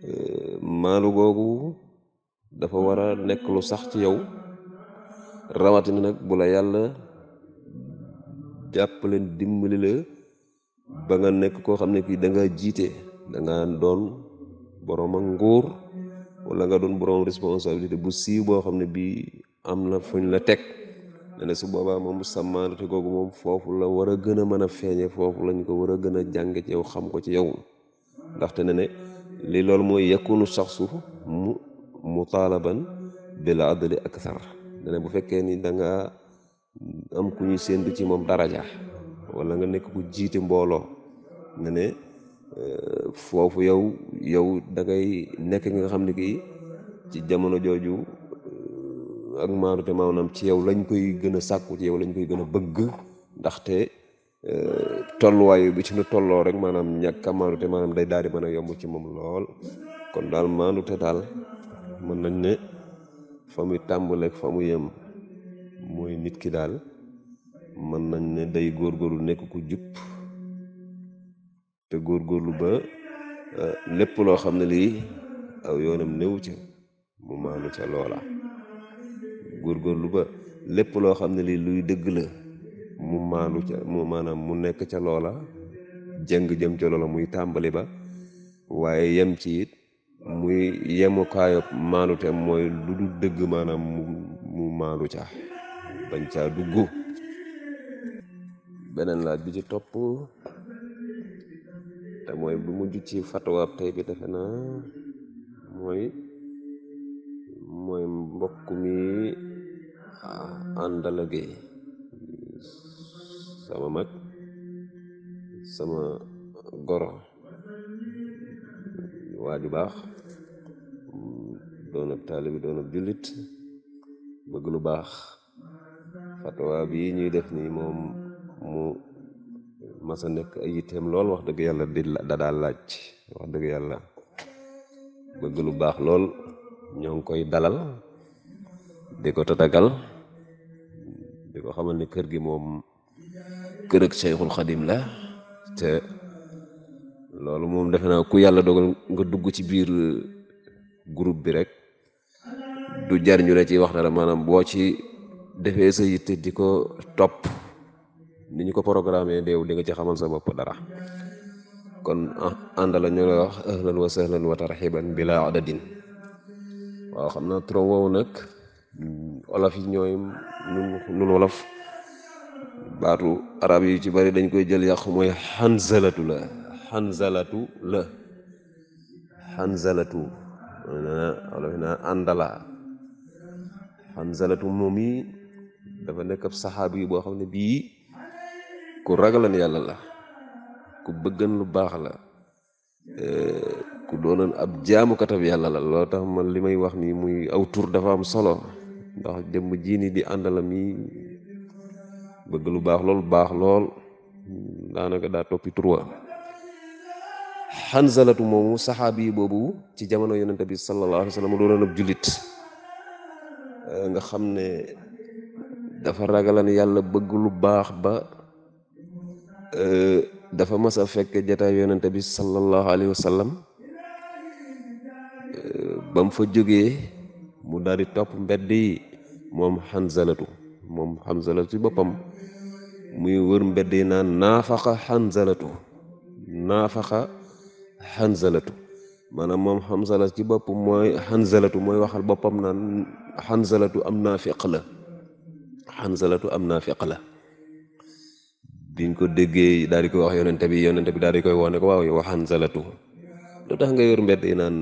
eh, maandu googu dafa war a nekk lu sax ci yow rawatina nag bu la yàlla jàppale dimbali la ba nga nekk koo xam ne kii da nga jiite danga doon boroom nguur walla nga doon borom responsabilité bu siiw boo xam ne bii am na fuñ la teg ne su boobaa moom sàmmaante googu moom foofu la war a gën a mën a feeñe foofu lañu ko war a gën a jànge ci yow xam ko ci yow ndaxte ne ne li loolu mooy yakunu saxsu mu mutaalaban bil adli akthar ne ne bu fekkee ni danga nga am ku ñuy séentu ci moom daraja walla nga nekk ku jiite mbooloo ne foofu yow yow dangay ngay nekk nga xam ne kii ci jamono jooju euh, ak maarute maanaam ci yow lañ koy gën a sàkku ci yow lañ koy gën a bëgg ndaxte euh, tolluwaayu bi ci nu tolloo rek maanaam ñàkk a maarute maanaam day daal di mën a yomb ci moom lool kon daal maarute daal mën nañ ne fa muy tàmbaleeg mu yem mooy nit ki daal mën nañ ne day góorgóorlu nekk ku jub te góorgóorlu ba euh, lépp loo xam ne lii aw yoonam néew ca mu maanu ca loola góorgóorlu ba lépp loo xam ne lii luy dëgg la mu maanu ca mu maanaam mu nekk ca loola jëng jëm ca loola muy tàmbali ba waaye yem ci it muy yemu kaayop maanute mooy lu du dëgg maanaam mu maanu ca bañ caa dugg beneen laaj bi ci topp te mooy bu mujj ci fatawaab tey bi defe naa mooy mooy mbokk mi àndala sama mag sama goro waaju baax doon ab taalibi doon jullit bëgg lu baax fatawaab yi ñuy def nii moom mu mas a nekk ay yitteem lool wax dëgg yàlla di da daal laaj wax dëgg yàlla bëgg lu baax lool ñoo ngi koy dalal di ko tatagal di ko xamal ne kër gi moom kër ak Seyxul Xadim la te loolu moom defe naa ku yàlla dogal nga dugg ci biir groupe bi rek du jar ñu la ciy wax dara maanaam boo ci defee sa yitte di ko topp ni ñu ko programme déew di nga ci xamal sa bopp dara kon ah, ànda la ñu lay wax ahlan wa sahlan wa tarxiban bila adadin waaw xam naa trop wow nag olof yi ñooy nun wolof baatu arab yi ci bari dañ koy jël yàqu mooy xanzalatu la xanzalatu la xanzalatu nana olof yi moom yi dafa nekk ab yi boo xam ne bii ku ragalan yàlla la ku bëggan lu baax la eh, ku doonoon ab jaamukatab yàlla la loo tax ma li may wax nii muy aw tur dafa am solo ndax jëmm jiini di àndala mii bëgg lu baax lool baax lool daanaka daa toppi tur wa xanzalatu moomu saxaabi yi boobu ci jamono yonente bi sallallahu alayhi wa sallam doonoon ab jullit eh, nga xam ne dafa ragalan yàlla bëgg lu baax ba dafa mas fekk jataay yonente bi sallallahu alayhi wa sallam ba mu fa jógee mu daal di topp mbedd yi moom xansalatu moom xanzalatu ci boppam muy wër mbedd yi naan naafaqa xanzalatu naafaqa xansalatu maanaam moom xanzalatu ci bopp mooy xanzalatu mooy waxal boppam naa xansalatu am naafiq la xanzalatu am naafiq la biñ ko déggee daal di koy wax yonente bi yonente bi daal di koy woo ne ko wax yow xanzalatu lu tax nga yor mbedd i naan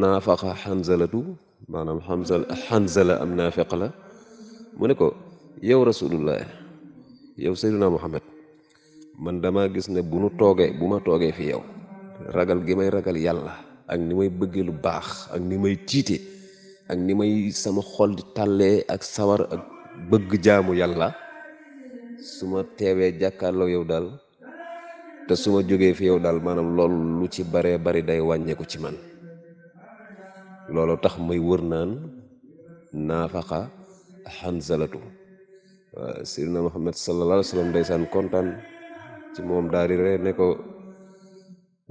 naafaqa xanzalatu maanaam xanzala am naafiq la mu ne ko yow rasulullah yow sayduna muhammad man dama gis ne bu nu toogee bu ma toogee fii yow ragal gi may ragal yàlla ak ni may bëggee lu baax ak ni may tiite ak ni may sama xol di tàllee ak sawar ak bëgg jaamu yàlla su ma teewee jàkkaarloo yow daal te su ma jógee fi yow daal maanaam loolu lu ci baree bari day wàññeeku ci man loolu tax muy wër naan naafaqa xanzalatu waaw Seydina Muhammad sallallahu alayhi wa sallam ndeysaan kontaan ci moom daal di ree ne ko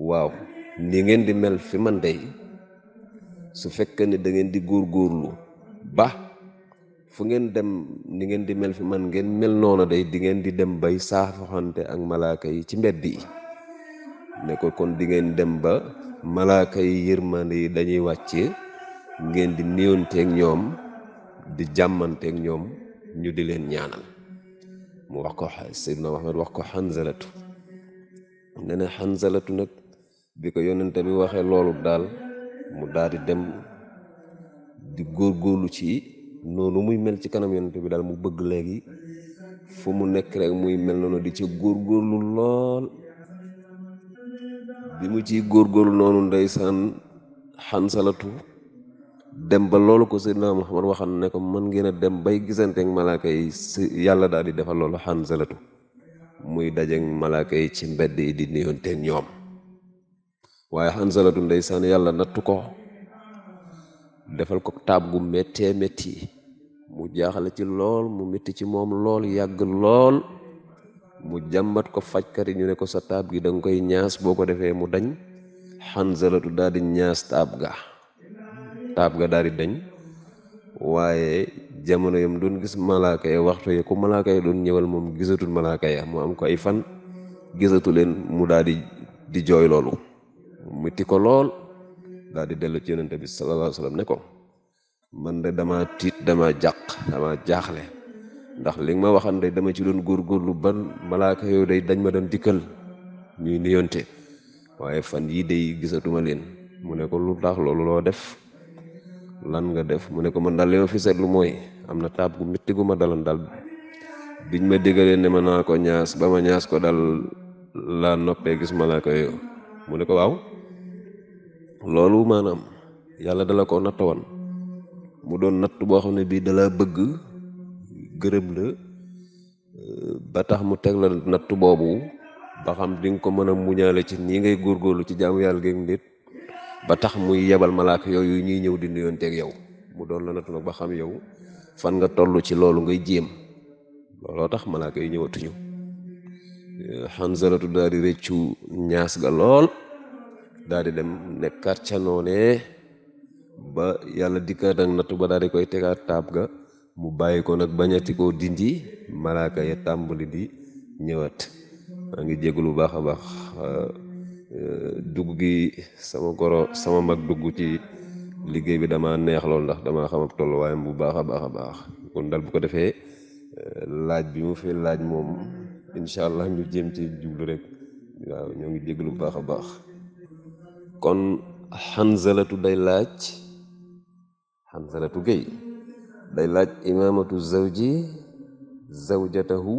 waaw ni ngeen di mel fi man dey su fekkee ne dangeen di góor góorlu ba fu ngeen dem ni ngeen di mel fi man ngeen mel noona day dingeen di dem bay saafaxante ak malaaka yi ci mbedd yi ne ko kon di ngeen dem ba malaaka yi yërmande yi dañuy wàcce ngeen di niyoonteeg ñoom di jàmmanteek ñoom ñu di leen ñaanal mu wax ko Seydina Muhammad wax ko xanzalatu ne ne nag bi ko yonente bi waxee loolu daal mu daal di dem di góorgóorlu ci noonu muy mel ci kanam yonent bi daal mu bëgg léegi fu mu nekk rek muy mel noonu di ci góorlu lool bi mu ciy góorgóorlu noonu ndeysaan xansalatu dem ba loolu ko Seydina Muhammad waxan ne ko mën ngeen a dem bay gisante ak yi si yàlla daal di defal loolu xansalatu muy dajeek malaaka yi ci mbedd yi di nuyoonte ñoom waaye xansalatu ndeysaan yàlla nattu ko defal ko taab gu méttee métti mu jaaxle ci lool mu métti ci moom lool yàgg lool mu jàmbat ko fajkat yi ñu ne ko sa taab gi danga koy ñaas boo ko defee mu dañ xanzalatu daal di ñaas taab ga taab ga daal di dañ waaye jamono yam doon gis malaaka ya waxtu ya ku malaaka ya doon ñëwal moom gisatul malaaka ya mu am ko ay fan gisatu leen mu daal di jooy loolu mu ti ko lool daal di dellu ci yonente bi sallallahu alayhi wa ne ko man de dama tiit dama jàq dama jaaxle ndax li ma waxan day dama ci doon góor góorgóorlu ban malaaka yow day dañ ma doon dikkal ñuy nuyonte waaye fan yii day gisatuma leen mu ne ko lu loolu loo def lan nga def mu ne ko man daal li ma fi seetlu mooy am na taab gu métti ma dalan daal biñ ma diggalee ne ma naa ko ñaas ba ma ñaas ko daal laa noppee gis malaaka yow mu ne ko waaw loolu maanaam yàlla dala ko natt woon mu doon natt boo xam ne bii dala bëgg gërëb la euh, ba tax mu teg la natt boobu ba xam di nga ko mën a muñaale ci nii ngay góor góorlu ci jaamu yàlla géeg nit ba tax muy yebal malaaka yooyu ñuy ñëw di nuyoonteeg yow mu doon la nattu nag ba xam yow fan nga toll ci loolu ngay jéem looloo tax malaaka yi ñëwatuñu xanzalatu euh, daal di rëccu ñaas ga lool daal di dem nekkaat ca ba yàlla dikkaat ak nattu ba daal di koy tegaat taab ga mu bàyyi ko nag bañati koo dindi malaaka ya tàmbali di ñëwaat maa ngi jégalu baax a baax euh, dugg gi sama koro sama mag dugg ci liggéey bi dama neex lool ndax dama xam ab tolluwaayam bu baax a baax a baax kon dal bu ko defee euh, laaj bi mu fi laaj moom incha allah ñu jéem ci jublu rek waaw ñoo ngi jégalu bu baax a baax kon xanzalatu day laaj xanzalatu géy day laaj imaamatu zawji zawjatahu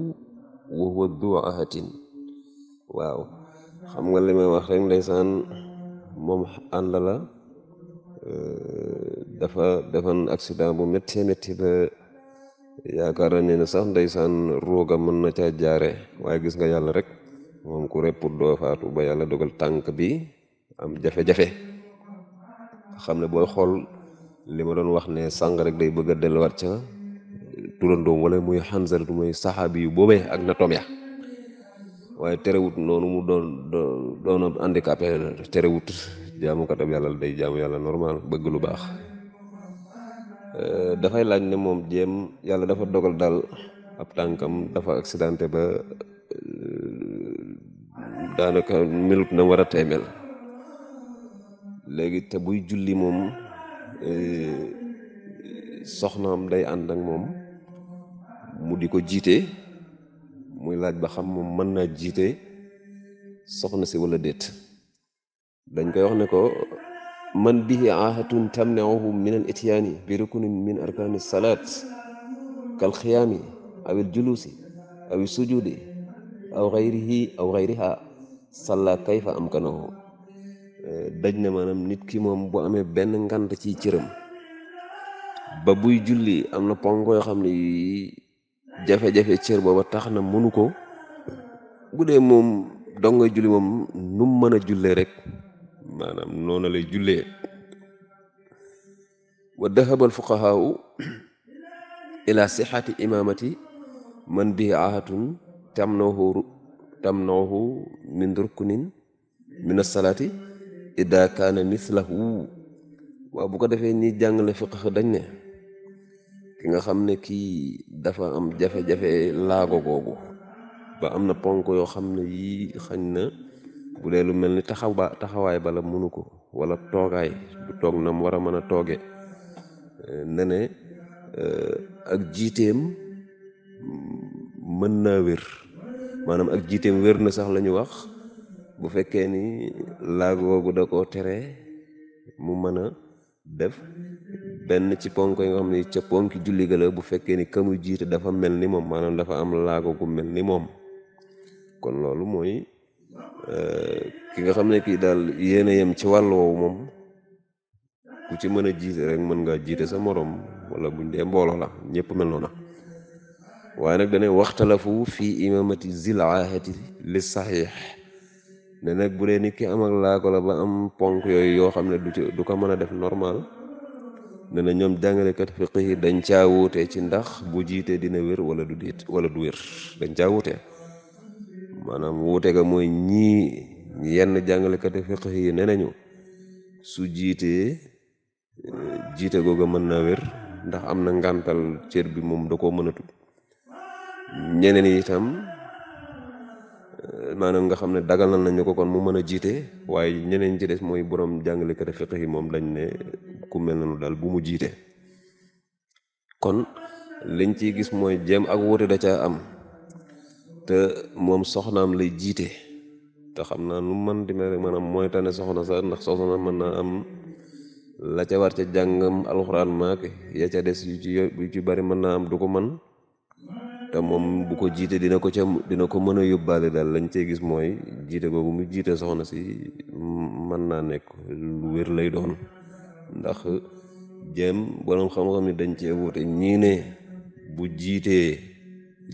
wa huwa du waaw xam nga li may wax rek ndeysaan moom ànd euh, dafa defan accident bu métti métti ba yaakaar na ne sax ndeysaan rooga mën na caa jaare waaye gis nga yàlla rek moom ku repp doo faatu ba yàlla dogal tànk bi am jafe-jafe xam ne booy xool li ma doon wax ne sàng rek day bëgg a delluwaat ca turandoom wala muy xanzaratu muy saxaabi yu boobee ak na tom ya waaye terewut noonu mu doon doon handicapé terewut jaamukatam yàlla day jaamu yàlla normal bëgg lu baax euh, dafay laaj ne moom jéem yàlla dafa dogal daal ab tànkam dafa accidenté ba euh, daanaka melut na war a teemel léegi te buy julli moom eh, soxnaam day ànd moom mu di ko jiite muy laaj ba xam moom mën naa jiite soxna si walla déet dañ koy wax ne ko man bihi aahatun tamneohu min al ityaani bi min arkaani salaat kal xiyaami aw juluusi awi sujudi aw xayrihi aw xayriha salla kayfa amkanahu daj na maanaam nit ki moom boo amee benn ngant ci cëram ba buy julli am na ponko yoo xam ni jafe-jafe cër booba tax na mënu ko bu dee moom donga julli moom nu mën a jullee rek maanaam noona lay jullee wa dahabal fuqahaau ila sixati imamati man bihi ahatun tamnahu tamnahu min rukunin min assalaati ida kaana mislahu waaw bu ko defee ñi jàngale fiqh dañ ne ki nga xam ne kii dafa am jafe-jafe laago googu ba am na ponk yoo xam ne yii xañ na bu dee lu mel ni taxaw ba taxawaay bala mënu ko wala toogaay du toog nam war a mën a tooge ne eh, ak jiiteem mën naa wér maanaam ak jiiteem wér na sax la wax bu fekkee ni laago googu da koo tere mu mën a def benn ci ponk yi nga xam ne ca ponk julli ga la bu fekkee ni kamu jiite dafa mel ni moom maanaam dafa am laago gu mel ni moom kon loolu mooy eh, ki nga xam ne kii daal yéen a yem ci wàll woowu moom ku ci mën a jiite rek mën ngaa jiite sa moroom wala buñ dee mbooloo la ñëpp mel noona waaye nag dane waxtalafu fii imamati zil aahati li saxiix ne nag bu dee nit ki am ak laako la ba am ponk yooyu yoo xam ne du ci du ko mën a def normal ne na ñoom jàngalekat fiq yi dañ caa wuute ci ndax bu jiitee dina wér wala du diit wala du wér dañ caa wuute maanaam wuute ga mooy ñii yenn jàngalekat fiq yi ne nañu su jiitee jiite googa mën naa wér ndax am na ngàntal cër bi moom da koo mënatul ñeneen itam Euh, maanaam nga xam ne dagal na nañu ko kon mu mën a jiite waaye ñeneen ci des mooy boroom borom jàngalekati fiqh yi moom dañ ne ku mel nanu daal bu mu jiite kon liñ ci gis mooy jéem ak wuute da caa am te moom soxna am lay jiite te xam naa nu man di rek maanaam mooy tane soxna sax ndax soxna mën naa am la ca war ca jàngam alxuraan maak ya ca des yu ci bari mën naa am du ko man te moom bu ko jiite dina ko ca dina ko mën a yóbbaale daal lañ cey gis mooy jiite googu mu jiite soxna si mën naa nekk wér lay doon ndax jéem borom xam-xam ni dañ cee wuute ñii ne bu jiitee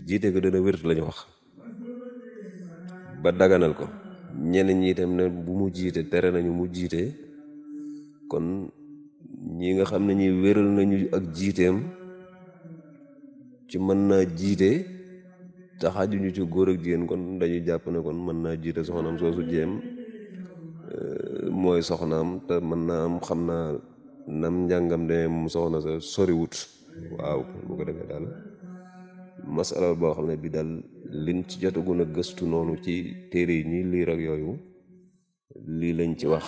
jiite ko dana wér lañu wax ba daganal ko ñeneen ñi itam ne bu mu jiite tere nañu mu jiite kon ñii nga xam ne ñi wéral nañu ak jiiteem ci mën naa jiite taxaaju ñu ci góor ak jigéen kon dañuy jàpp ne kon mën naa jiite soxnaam soosu jéem euh, mooy soxnaam te mën naa am xam naa nam njàngam de mu soxna sa soriwut waaw bu ko defee daal masala boo xam ne bi daal liñ ci jot a gëstu noonu ci téere yi ñuy liir ak yooyu lii lañ ci wax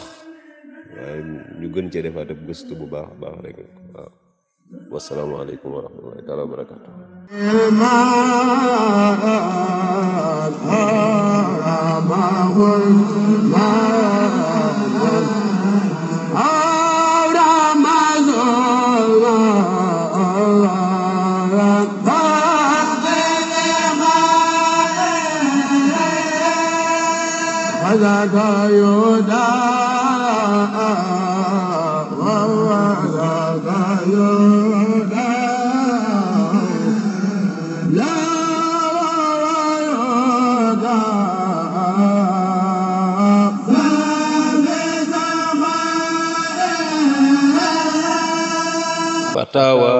waaye ñu gën cee defaat ab gëstu bu baax a baax rek wasalaamualeykum wa rahmatullahi taala wa barakatuh Yoda, فتاوى